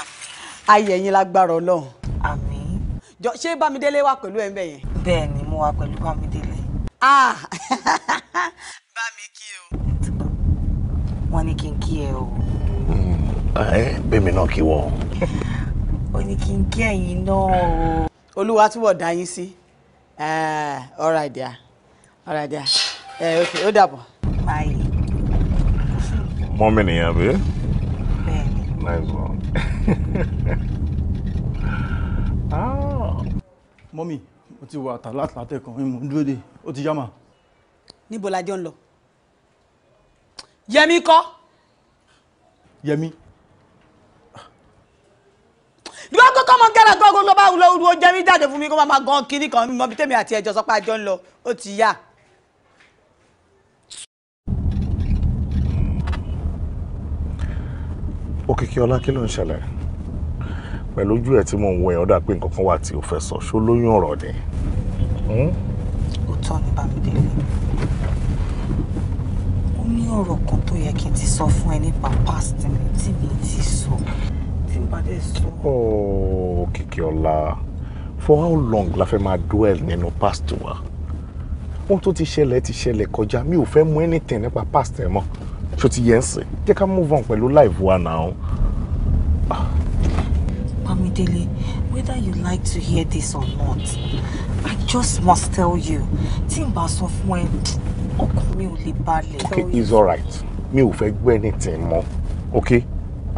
ayé ẹ̀yin lágbára ọlọ́run. àmín. jọ ṣé bámidélé wà pẹ̀lú ẹ ń bẹ̀ yẹn. bẹ́ẹ̀ ni mo wà pẹ̀lú bámidélé. (laughs) bá mi kí o. wọ́n ní kí n kí ẹ o. Hmm, bẹ́ẹ̀mi náà kí wọ́n. (laughs) ó ní kí n kí ẹ̀yin náà o. olúwa túbọ̀ dá yín sí. Uh, all right dear eh, okay ó dàbọ̀. báyìí. mọ́mí nìyẹn àbí. nice one. (laughs) Ah. mọ́mí mo ti wà tà látàtẹ̀ kan mo ń dúró de ó ti yá mà. níbo la jọ ń lọ. yẹmi kọ́. yẹmi ìwọ kọ́kọ́ mọ gẹ́rẹ́ gọ́gọ́ ló bá wúlò ó jẹ́ mi jáde fún mi kó má má gan kiri kan mọ bí tèmi àti ẹjọ́ sọ́pá àjọ ń lọ ó ti yá. òkìkí ọlá kí ló ń ṣẹlẹ̀ pẹ̀lú ojú ẹ̀ tí mo ń wọ ẹ̀ ọ́ dà pé nǹkan kan wà tí o fẹ́ sọ ṣó lóyún ọ̀rọ̀ ni. Hmm? òótọ́ ni bámidélé ó ní ọ̀rọ̀ kan tó yẹ kí n ti sọ fún ẹ nípa past mi tí mi ti sọ. So bàdé sọ. ooo for how long la fẹ́ máa dwell nínú past wa ohun tó ti ṣẹlẹ̀ ti ṣẹlẹ̀ kọjá mi ò fẹ́ mú anything nípa past ẹ̀ mọ́ ṣó ti yẹn sìn jẹ́ ká move on pẹ̀lú life wa now. Bamidele, whether you like to hear this or not, I just must tell you, tí n bá sọ mi ò lè balẹ̀. okay it's alright mi ò fẹ́ gbọ́ anything mọ́ okay.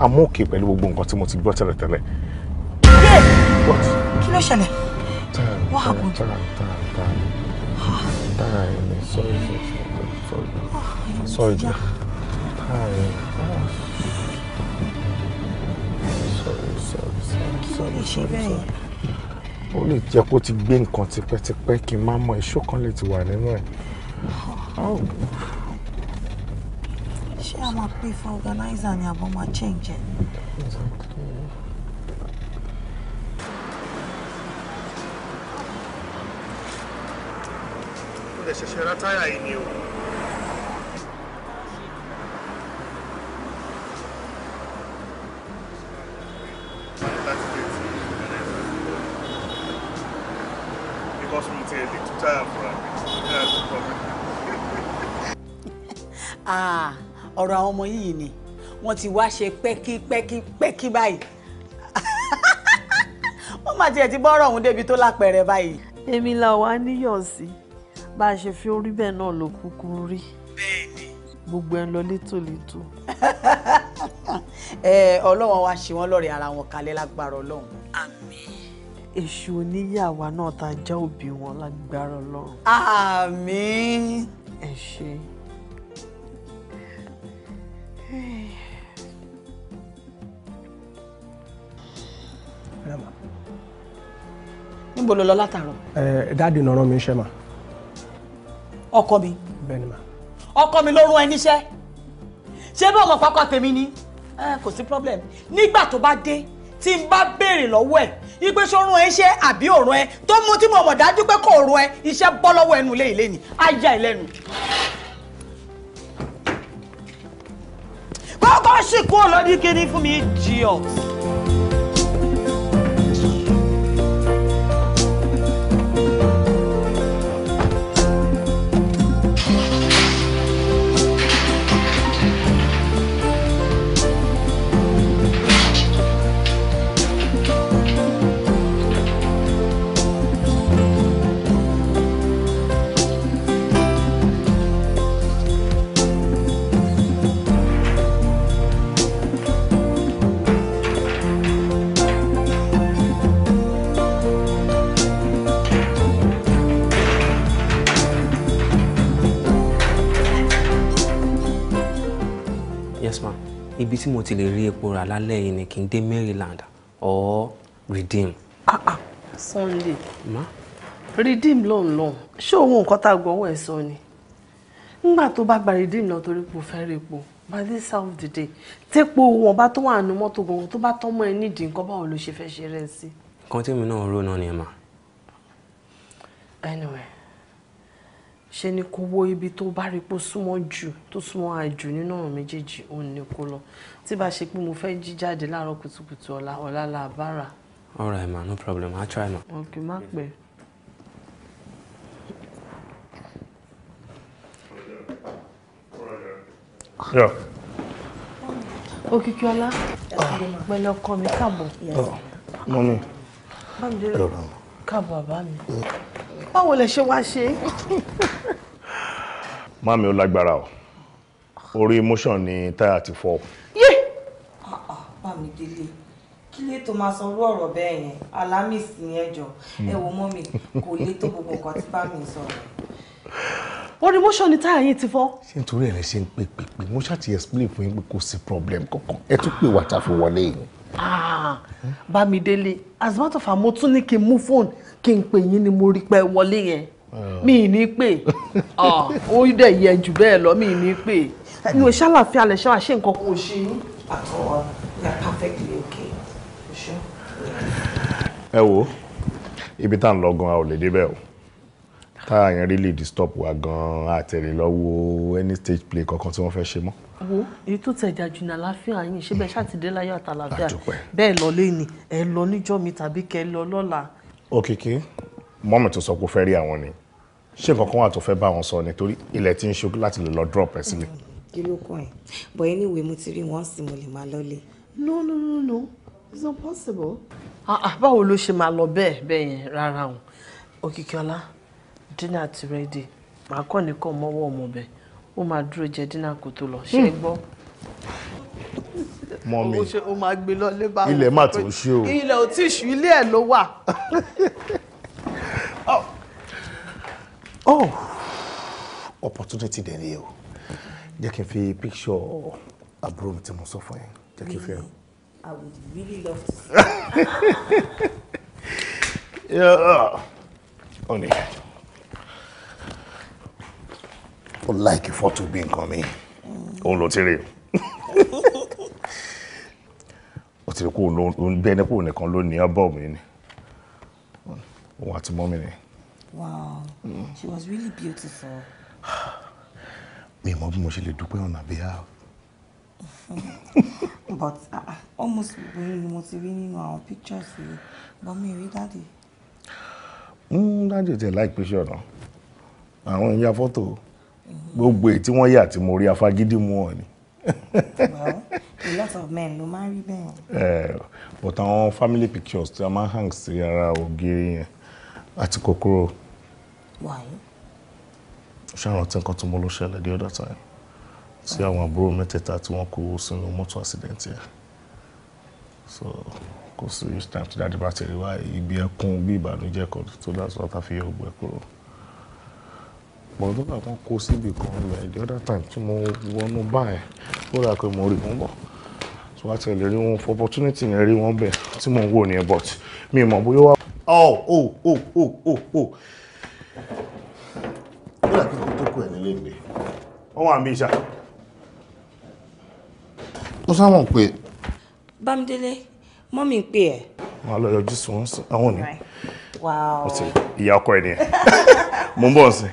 I'm okay pẹ̀lú gbogbo nǹkan tí mo ti gbọ́ tẹ́lẹ̀tẹ́lẹ̀. What? Kí ló ṣẹlẹ̀? Tara Tara Tara Tara Tara Tara Ẹ̀mí sorry sorry sorry sorry ah, Tara sorry sorry sorry sorry sorry. Ó lè jẹ́ kó ti gbé nǹkan tipẹ́tipẹ́ kí n má mọ ìṣó kan lè ti wà nínú ẹ̀. Oh. Oh wọ́n máa pay for organizer ni àbọ̀ máa change ẹ̀. ó lè ṣẹ̀ṣẹ̀ ra táyà yìí ni o. ọmọ yìí ni wọ́n ti wá ṣe pẹ́kí pẹ́kí pẹ́kí báyìí (laughs) wọ́n máa tiẹ̀ ti bọ́rọ̀ ọ̀hún débi tó lápẹ̀rẹ̀ báyìí. èmi la wàá níyọ̀ sí bá a ṣe fi orí bẹ́ẹ̀ náà ló kúkú rí gbogbo ẹ̀ ń lọ létòlétò. (laughs) ọlọ́wọ́n wa ṣe wọ́n lọ́rẹ̀ẹ́ ara wọn kalẹ̀ lágbára ọlọ́run. àmín. èṣù oníyàwó náà ta já òbí wọn lágbára ọlọ́run. àmín. ẹ ṣe. rẹ̀mà. níbo ló lọ látàárọ̀. ẹ dáàdi nàrán mi ṣe mà. ọkọ mi. bẹ́ẹ̀ni mà. ọkọ mi ló rún ẹ níṣẹ́ ṣé bí ọmọ pápá tèmi ni kò sí problem nígbà tó bá dé tí n bá béèrè lọ́wọ́ ẹ̀ ipe sọ́run ẹ ṣe àbí òrun ẹ tó mú tí mo mọ̀ dájú pé kò rún ẹ iṣẹ́ bọ́ lọ́wọ́ ẹnu lé ìléni ayé ẹ lẹ́nu. kókó sì kú ọlọ́dún kínní fún mi idiot. tí mo ti lè rí epo rà lálẹ́ yìí ni kí n dé Maryland or Redeem. ah ah Sunday ma? Redeem lòun lòun ṣé òun nǹkan tá a gbọ́ ọwọ́ ẹ̀ sọ ni nígbà tó bá gba Redeem lọ torí pò fẹ́ rí epo by the south the day tépo wọn bá tó wà nù mọ́tò gan tó bá tọ́mọ ẹ nídìí nǹkan báwo ló ṣe fẹ́ ṣe rẹ̀ sí. nǹkan tí mi náà rò náà ni ẹ mà. anyway ṣe ni kó wo ibi tó bá rí pò súnmọ́ jù tó súnmọ́ àjù nínú ọ̀ràn méjèèjì òun ni kó lọ tí bá ṣe pé mo fẹ́ jí jáde láàárọ̀ kùtùkùtù ọ̀la ọ̀la la bara. all right ma no problem i try ma. ok má pẹ́. Yeah. Okikiola, pẹ̀lú ọkọ mi káàbọ̀. Oh, Mọ́mí. Bámidélé, káàbọ̀ bàbá mi. Báwo lẹ ṣe wá ṣe? Mami ó lágbára o, orí emotion ni táyà ti fọ́ Bámidélé kí lè tó máa sọ orú ọ̀rọ̀ bẹ́ẹ̀ yẹn alamis ni ẹjọ́ hmm. ẹ wo mọ́ mi kò lè tó gbogbo nǹkan tí bá mi sọ. ó ní mọ́ṣọ́ ni táyà yìí ti fọ́. ṣé nítorí ẹ̀rẹ́ ṣe ń pè pè pé mo ṣáà ti explain fún yín pé kò sí problem kankan ẹ tún pè wá tàfi wọlé yìí. Ah, Bámidélé as matter of fact mo tún ní kí n mú fóònù kí n pè yín ni mo rí pé wọlé yẹn ah. mi ì ní pè ah, ó dẹ̀ yẹ jù bẹ́ẹ̀ lọ mi ì ní pè ní o ṣàlàfíà we are perfectly okay you sure. ẹ wo ibi tá à ń lọ gan a ò lè débẹ̀ o tára yẹn really disturb wa gan àtẹ̀lé lọ́wọ́ any stage play kankan tí wọ́n fẹ́ ṣe mọ́. wo èyí tó tẹ̀jà jù ní àlàáfíà yín ṣé bẹ́ẹ̀ ṣàtìdé láyọ̀ àtàlàfíà bẹ́ẹ̀ lọ lẹ́ni ẹ̀ lọ níjọ́ mi tàbí kẹ́ ẹ lọ lọ́la. òkìkí mọ́mì tó sọ pé ó fẹ́ rí àwọn ni ṣé nǹkan kan wà tó fẹ́ bá wọn sọ nítorí ilẹ̀ tí ń ṣe láti lè lọ drop ẹ sílẹ̀. kí ló kàn ẹ́ but anyway mo ti rí wọn sì mo lè máa lọ́lé no no no no it's not possible. Ah, ah, báwo ló ṣe máa lọ bẹ́ẹ̀ bẹ́ẹ̀ yẹn rárá o Òkìkíọlá dínà ti rẹ́dí màá kọ́ ní kàn mọ́wọ́ ọmọ bẹ́ẹ̀ ó máa dúró jẹ dínà kó tó lọ ṣé gbọ́. mọ mi ilẹ̀ má tó ṣe o ilẹ̀ ò tí ì ṣú ilé ẹ̀ ló wà. (laughs) Oh. oh opportunity dẹ̀ ni o jẹ́ kí n fi picture àbúrò mi tí mo sọ fún yín. Thank kí n fi I would really love to see. (laughs) yeah. Oni. Ó like you bí to be Òun ló ti rí o. Ó ti rí kó òun bí ẹni kó òun nìkan ló ní ọ́bọ̀mù yìí ni. Òun àti mọ́mí ni. Wow, mm. She was really beautiful. Mi mọ bí mo ṣe lè dúpẹ́ ọ̀nà àbíyá o. (laughs) but uh, almost obìnrin ni mo ti pictures yìí but mi rí dáàdì. Hmm, dáàdì ò tiẹ̀ láìpẹ́ ṣe ọ̀nà àwọn ìyá fọ́tò gbogbo èyí tí wọ́n yà tí mo rí afagídí mú wọn ni. well a lot of men ló máa ń rí bẹ́ẹ̀. (laughs) Eh, but àwọn family pictures tí a máa ń hang sí ara ògiri yẹn àti kòkòrò. why. ṣé àwọn tí nǹkan tó mo ló ṣẹlẹ̀ the other time sí àwọn àbúrò mẹ́tẹ̀ẹ̀ta tí wọ́n kó sínú mọ́tò accident yẹn so kò sí time tí dáadé bá tẹ̀lé wá ibi ẹkún bí ìbànújẹ́ kan tó dáṣọ àtàfi yẹ ògbẹ́ kúrò bọ̀dọ́ làwọn kó síbi kan lọ ẹ̀ the other time tí mo wọnú báyìí ó rà pé mo rí wọn bọ̀ tí wọ́n tẹ̀lé rí wọn for opportunity yẹn rí wọn bẹ̀ tí mo ń wò ní ẹ̀ but mi ì mọ̀ bóyá wà. oh oh oh oh oh oh ó rà pé kò tó kù ẹ̀ nílé mi wọ́n wà ń bí mo sáwọn pé. bámidélé mọ́mí ń pè ẹ́. màá lọ yọjú sí wọn sí àwọn ni. ìyá ọkọ ẹ nìyẹn (laughs) mo ń bọ̀ sí.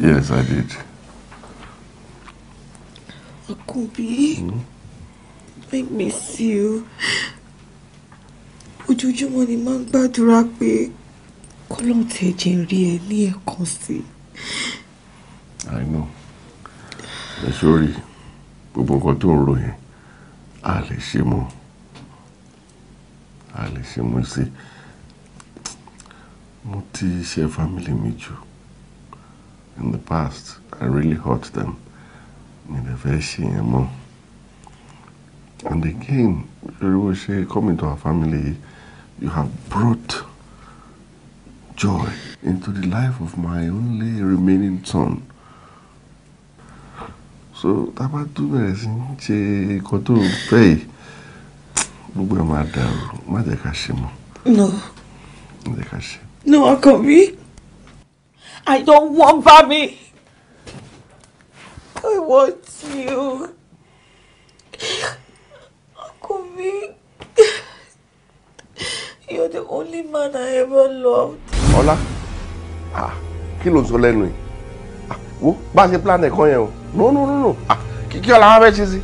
Yes, I did. Akubi, -hmm. I miss you. Ojoojúmọ́ ni máa ń gbàdúrà pé kọ́lọ́n tẹ̀ jẹ́ rí ẹ ní ẹ̀kan sí. I know. Ẹ sórí gbogbo nǹkan tó ń ro yẹn, a lè ṣe mọ́. A lè ṣe mọ́ sí. Mo ti ṣe fámìlì mi jù in the past. I really hurt them. In the version, and again, Roshe, coming to our family, you have brought joy into the life of my only remaining son. So, tá a bá tún bẹ̀rẹ̀ sí ń ṣe nǹkan tó ń fẹ́ yìí, gbogbo ẹ̀ máa dàrú, má jẹ́ ká No. I can't be. I don't want Bobby. I want you. Uncle me. You're the only man I ever loved. Hola, ah, kí ló ń Ah, wo bá a ṣe plan ẹ̀kan yẹn o. No, no, no, no. Ah, kí kí ọ̀la wá fẹ́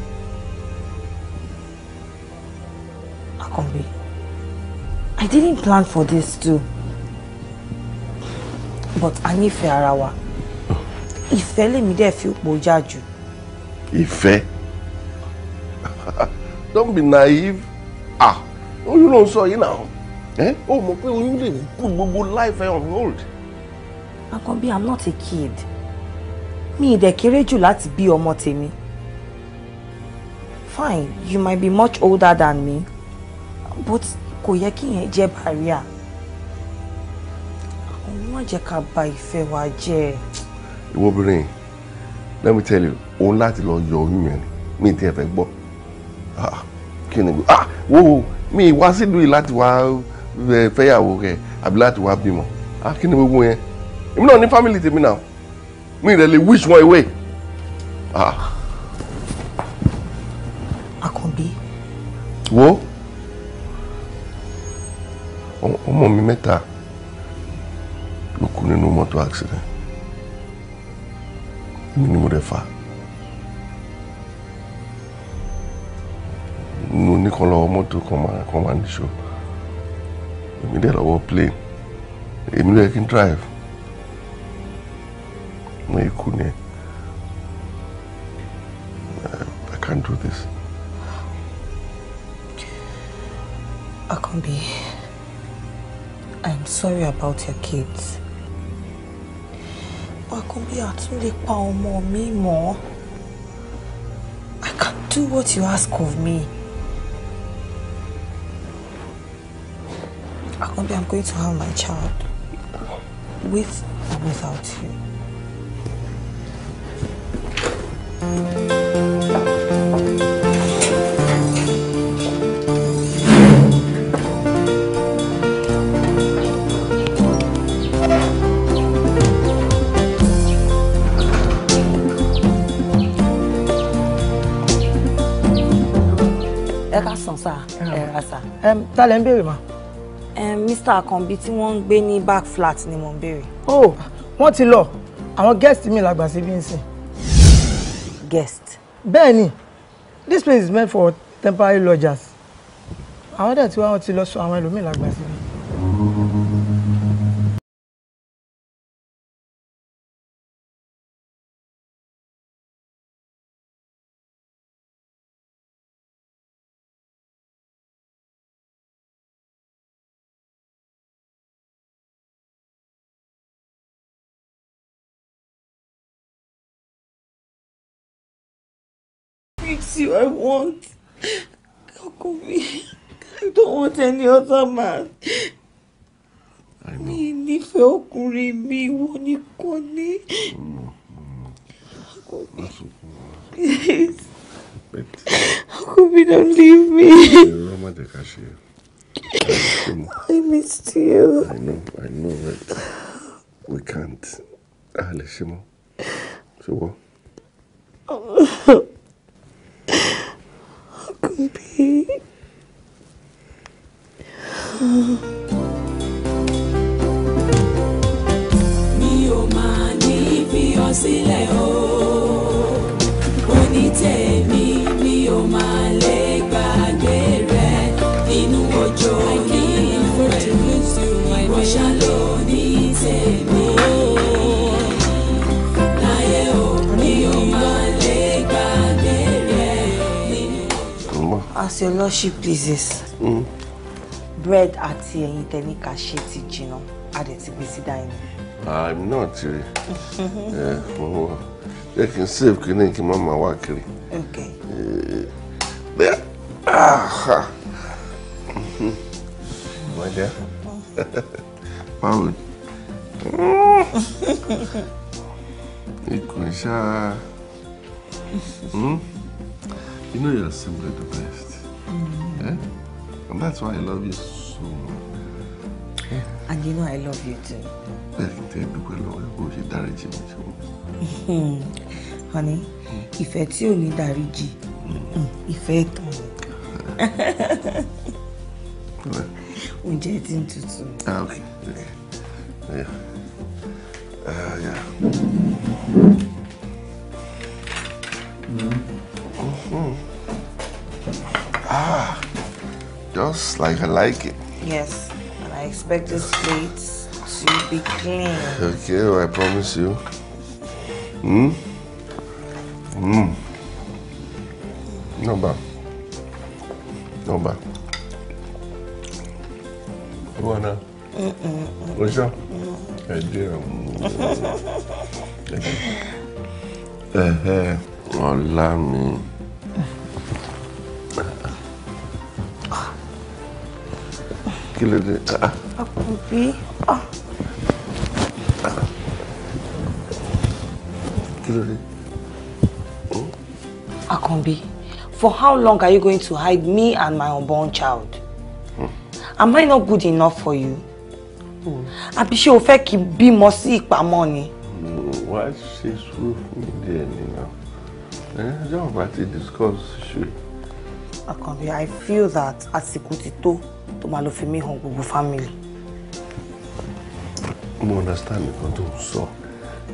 I didn't plan for this too but a nífẹ̀ẹ́ ara wa ìfẹ́ lèmi dẹ̀ fi pò já jù. ìfẹ́ (laughs) don't be naive ah oyún ló ń sọ yìí náà ó mọ̀ pé oyún lè put gbogbo life on hold. Akànbí i'm not a kid mi ì dẹ̀ kéré jù láti bí ọmọ tèmi fine you might be much older than me but kò yẹ kí yẹn jẹ́ barrier má jẹ́ ká bà ìfẹ́ wa jẹ́. ìwọ obìnrin let me tell you òun láti lọ yọ oyún yẹn mi ti ẹ fẹ́ gbọ́ ah, kí ni ah, wo mi wá sílùú yìí láti wá fẹ́yàwó kẹ àbí láti wá bímọ ah, kí ni gbogbo yẹn èmi náà ní family tèmi náà mi rẹ lè wish wọn away. àkànbí. wo ọmọ mi mẹ́ta ló kú nínú accident èmi ni mo dẹ̀ fà nínú oníkan lọ́wọ́ mọ́tò kan máa kan máa níṣó èmi dẹ̀ lọ́wọ́ drive mo ikú ni I can't do this. Akambi, I'm sorry about your kids. Akobi, Atunde pa ọmọ mi mọ́. I can do what you ask of me. Akobi, I'm going to have my child. With or without you. Thank you. sà ẹ ra sà. ta ń béèrè ma. Mr. Akanbi tí wọ́n ń gbé ní back flat ni mò ń béèrè. oh wọ́n ti lọ àwọn guest mi làgbà sí bí n sìn. guest. bẹ́ẹ̀ni this place is meant for temporary lodgers àwọn dẹ̀ tí wọ́n ti lọ sọ àwọn ẹlòmíì làgbà síbi. want you. I want Kokomi. I don't want any other man. I know. Mi nífẹ̀ẹ́ ọkùnrin mi ìwọ ni. Kokomi. Please. Kokomi don't leave me. I missed you. I know, I know, but we can't. Ah, lè ṣe mọ́. Ṣé (laughs) baby. Mi ò máa ní fi ọ sílẹ̀ o. as your lordship pleases. Mm. bread àti ẹyin tẹni kà ṣe ti jìnnà a dẹ̀ ti gbé sí dání. i'm not (laughs) eh, mo jẹ́ kí n save kínní kí n má máa wá kiri. okay. mọ̀jẹ́ eh, (laughs) (laughs) báwo ni ikùn ṣáá hmm? you know you're simply the best. That's why I love you so much. And you know I love you too. (laughs) Honey, ìfẹ́ tí ò ní dáríjì, hmm. ìfẹ́ tán. (laughs) Oúnjẹ ti ń tutù. Ah, okay. okay. like it. Yes, and I expect this plate to be clean. Okay, well, oh, I promise you. Hmm? Hmm. No bad. No bad. For how long are you going to hide me and my unborn child? Mm. Am I not good enough for you? Hmm. Àbí ṣé o fẹ́ kí n bímọ sí ìpamọ́ ni? Wá ṣe sùúrù fún mi díẹ̀ nìyẹn. Ẹjọ́ ọ̀bá ti discuss ṣe. Àkànbí, I feel that àsìkò ti to tó máa lọ fi mí hàn gbogbo family. Mo understand me tó ń sọ,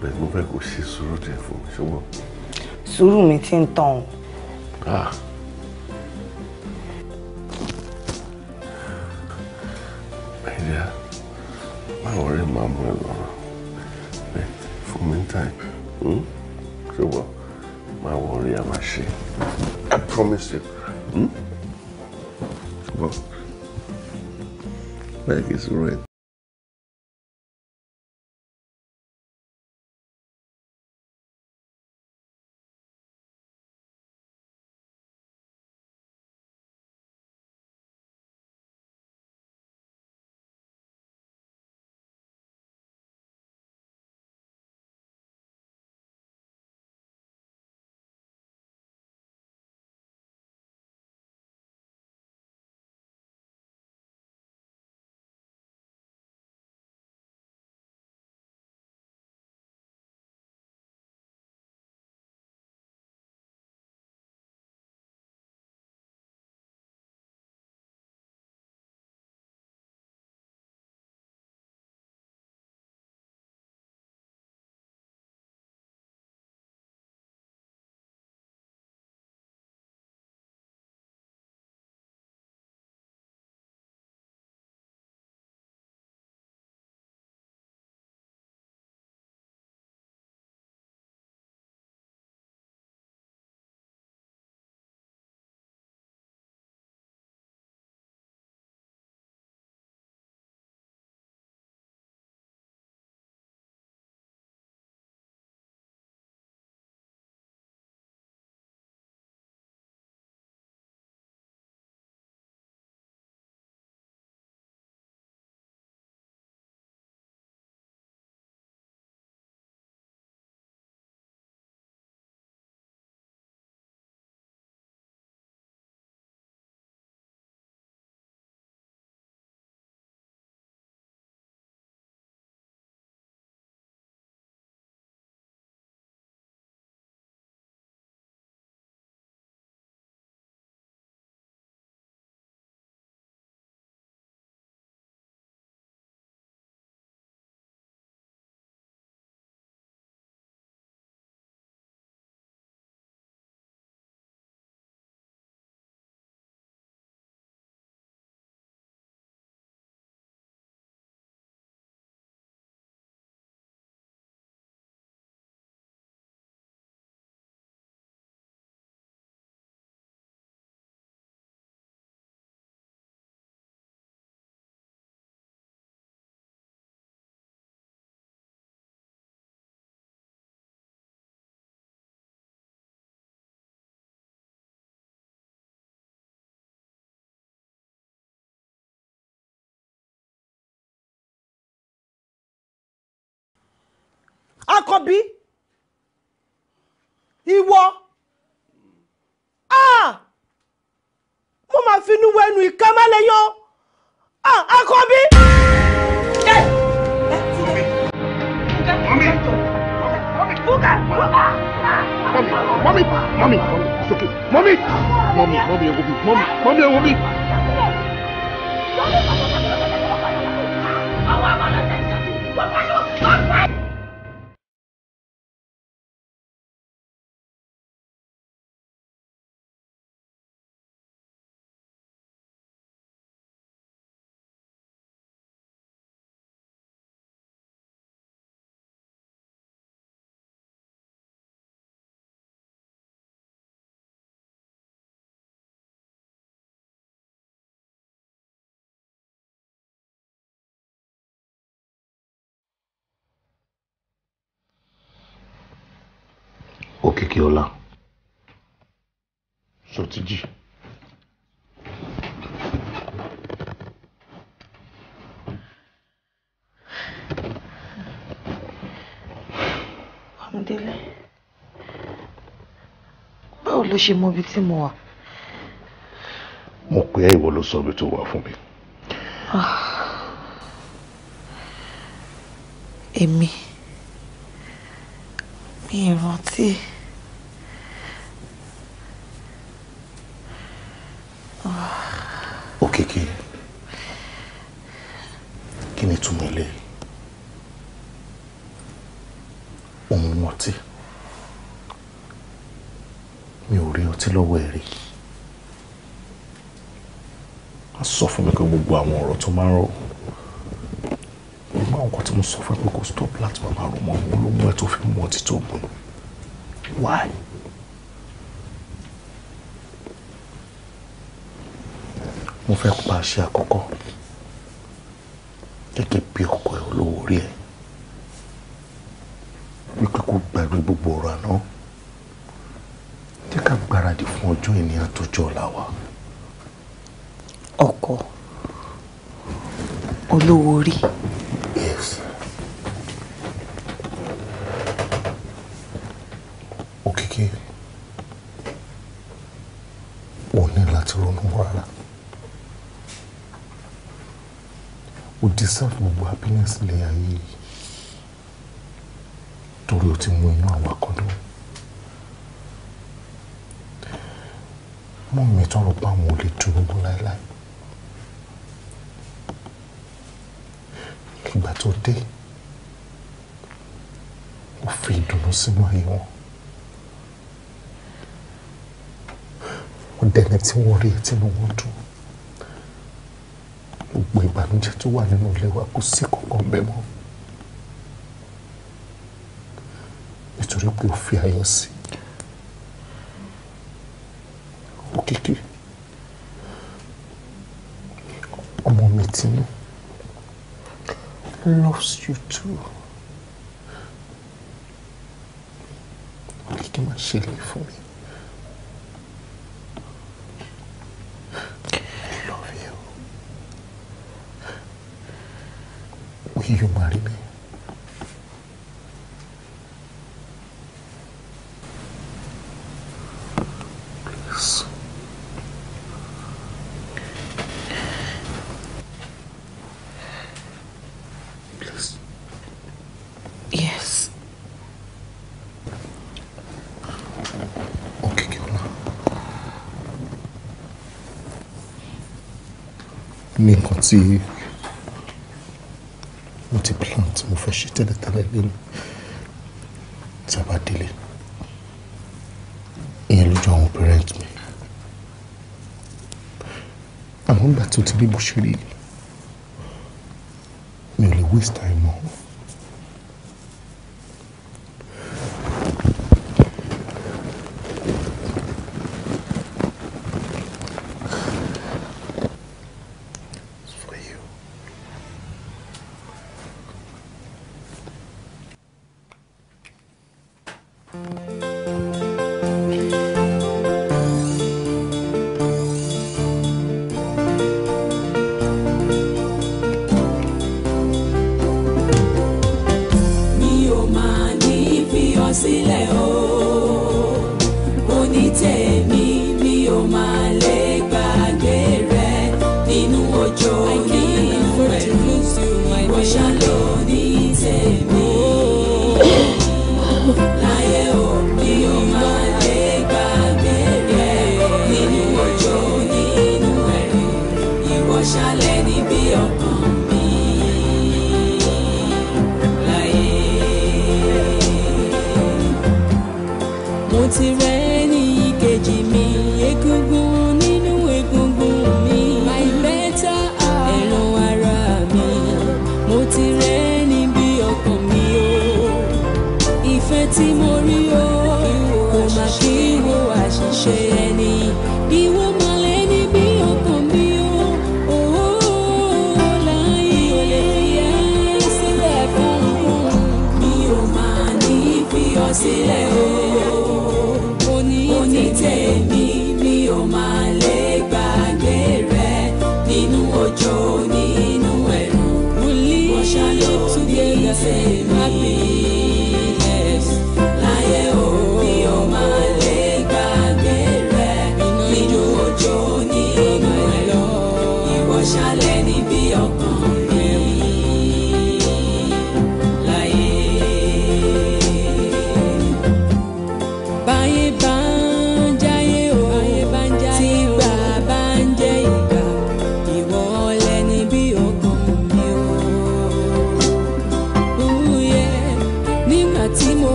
bẹ́ẹ̀ mo fẹ́ kó ṣe sùúrù díẹ̀ fún mi ṣùgbọ́n. Sùúrù mi ti ń Ah. My dear, ah. má worry máa mú ẹ lọ. Fún Hmm? So Ṣùgbọ́n má worry a máa ṣe. I promise you. Hmm? Well, like it's red. Akànbí ìwọ ah mo máa fi inú wẹnu ìka má lè ah Akànbí. Mommy, mommy, mommy, it's okay. Mommy, mommy, mommy, I will be, mommy, mommy, I will be. Mommy, mommy, I will be. Adéọlá Sọtíjí. Bámidélé, báwo ló ṣe mọ ibi tí mo wà? Mo pè ẹ́ ìwọ ló sọ ibi tó wà mi. Ah. Èmi mi ì kéèké kí ni túmọ̀ ilé òun ọtí mi ò rí ọtí lọ́wọ́ ẹ̀ rí a sọ fún mi pé gbogbo àwọn ọ̀rọ̀ tó máa ń rọ gbogbo àwọn nǹkan tí mo sọ fún ẹ pé kò stop láti máa rò mọ́ olóògùn ẹ̀ tó fi mú ọtí tó gùn why. mo fẹ́ pa àṣẹ àkọ́kọ́ gẹ́gẹ́ bí ọkọ ẹ̀ olówó orí ẹ̀ wípé kó gbàgbé gbogbo ọ̀rọ̀ àná jẹ́ ká gbáradì fún ọjọ́ ìní àtọjọ́ ọ̀la wa. ọkọ olówó orí. orí o ti mú inú àwọn akọ́dọ̀ mọ́ mi tọrọ pa àwọn olè dúrógbó láéláé ìgbà tó dé ó fi ìdùnnú sínú ayé wọn ó dẹni tí wọ́n rí tínú wọn dùn gbogbo ìbànújẹ́ tó wà nínú ilé wa kò sí kankan bẹ́ẹ̀ mọ́. kó fi ayọ̀ sí ọmọ mi tinú loves you too òkìkí máa ṣe lè fún mi. Will you marry tí mo ti plan tí mo fẹ́ ṣe tẹ́lẹ̀tẹ́lẹ̀ lẹ́nu tí a bá délé ìyẹn ló jọ àwọn parent mi àmọ́ nígbà tí o ti bí bó ṣe rí mi ò lè waste time mọ́.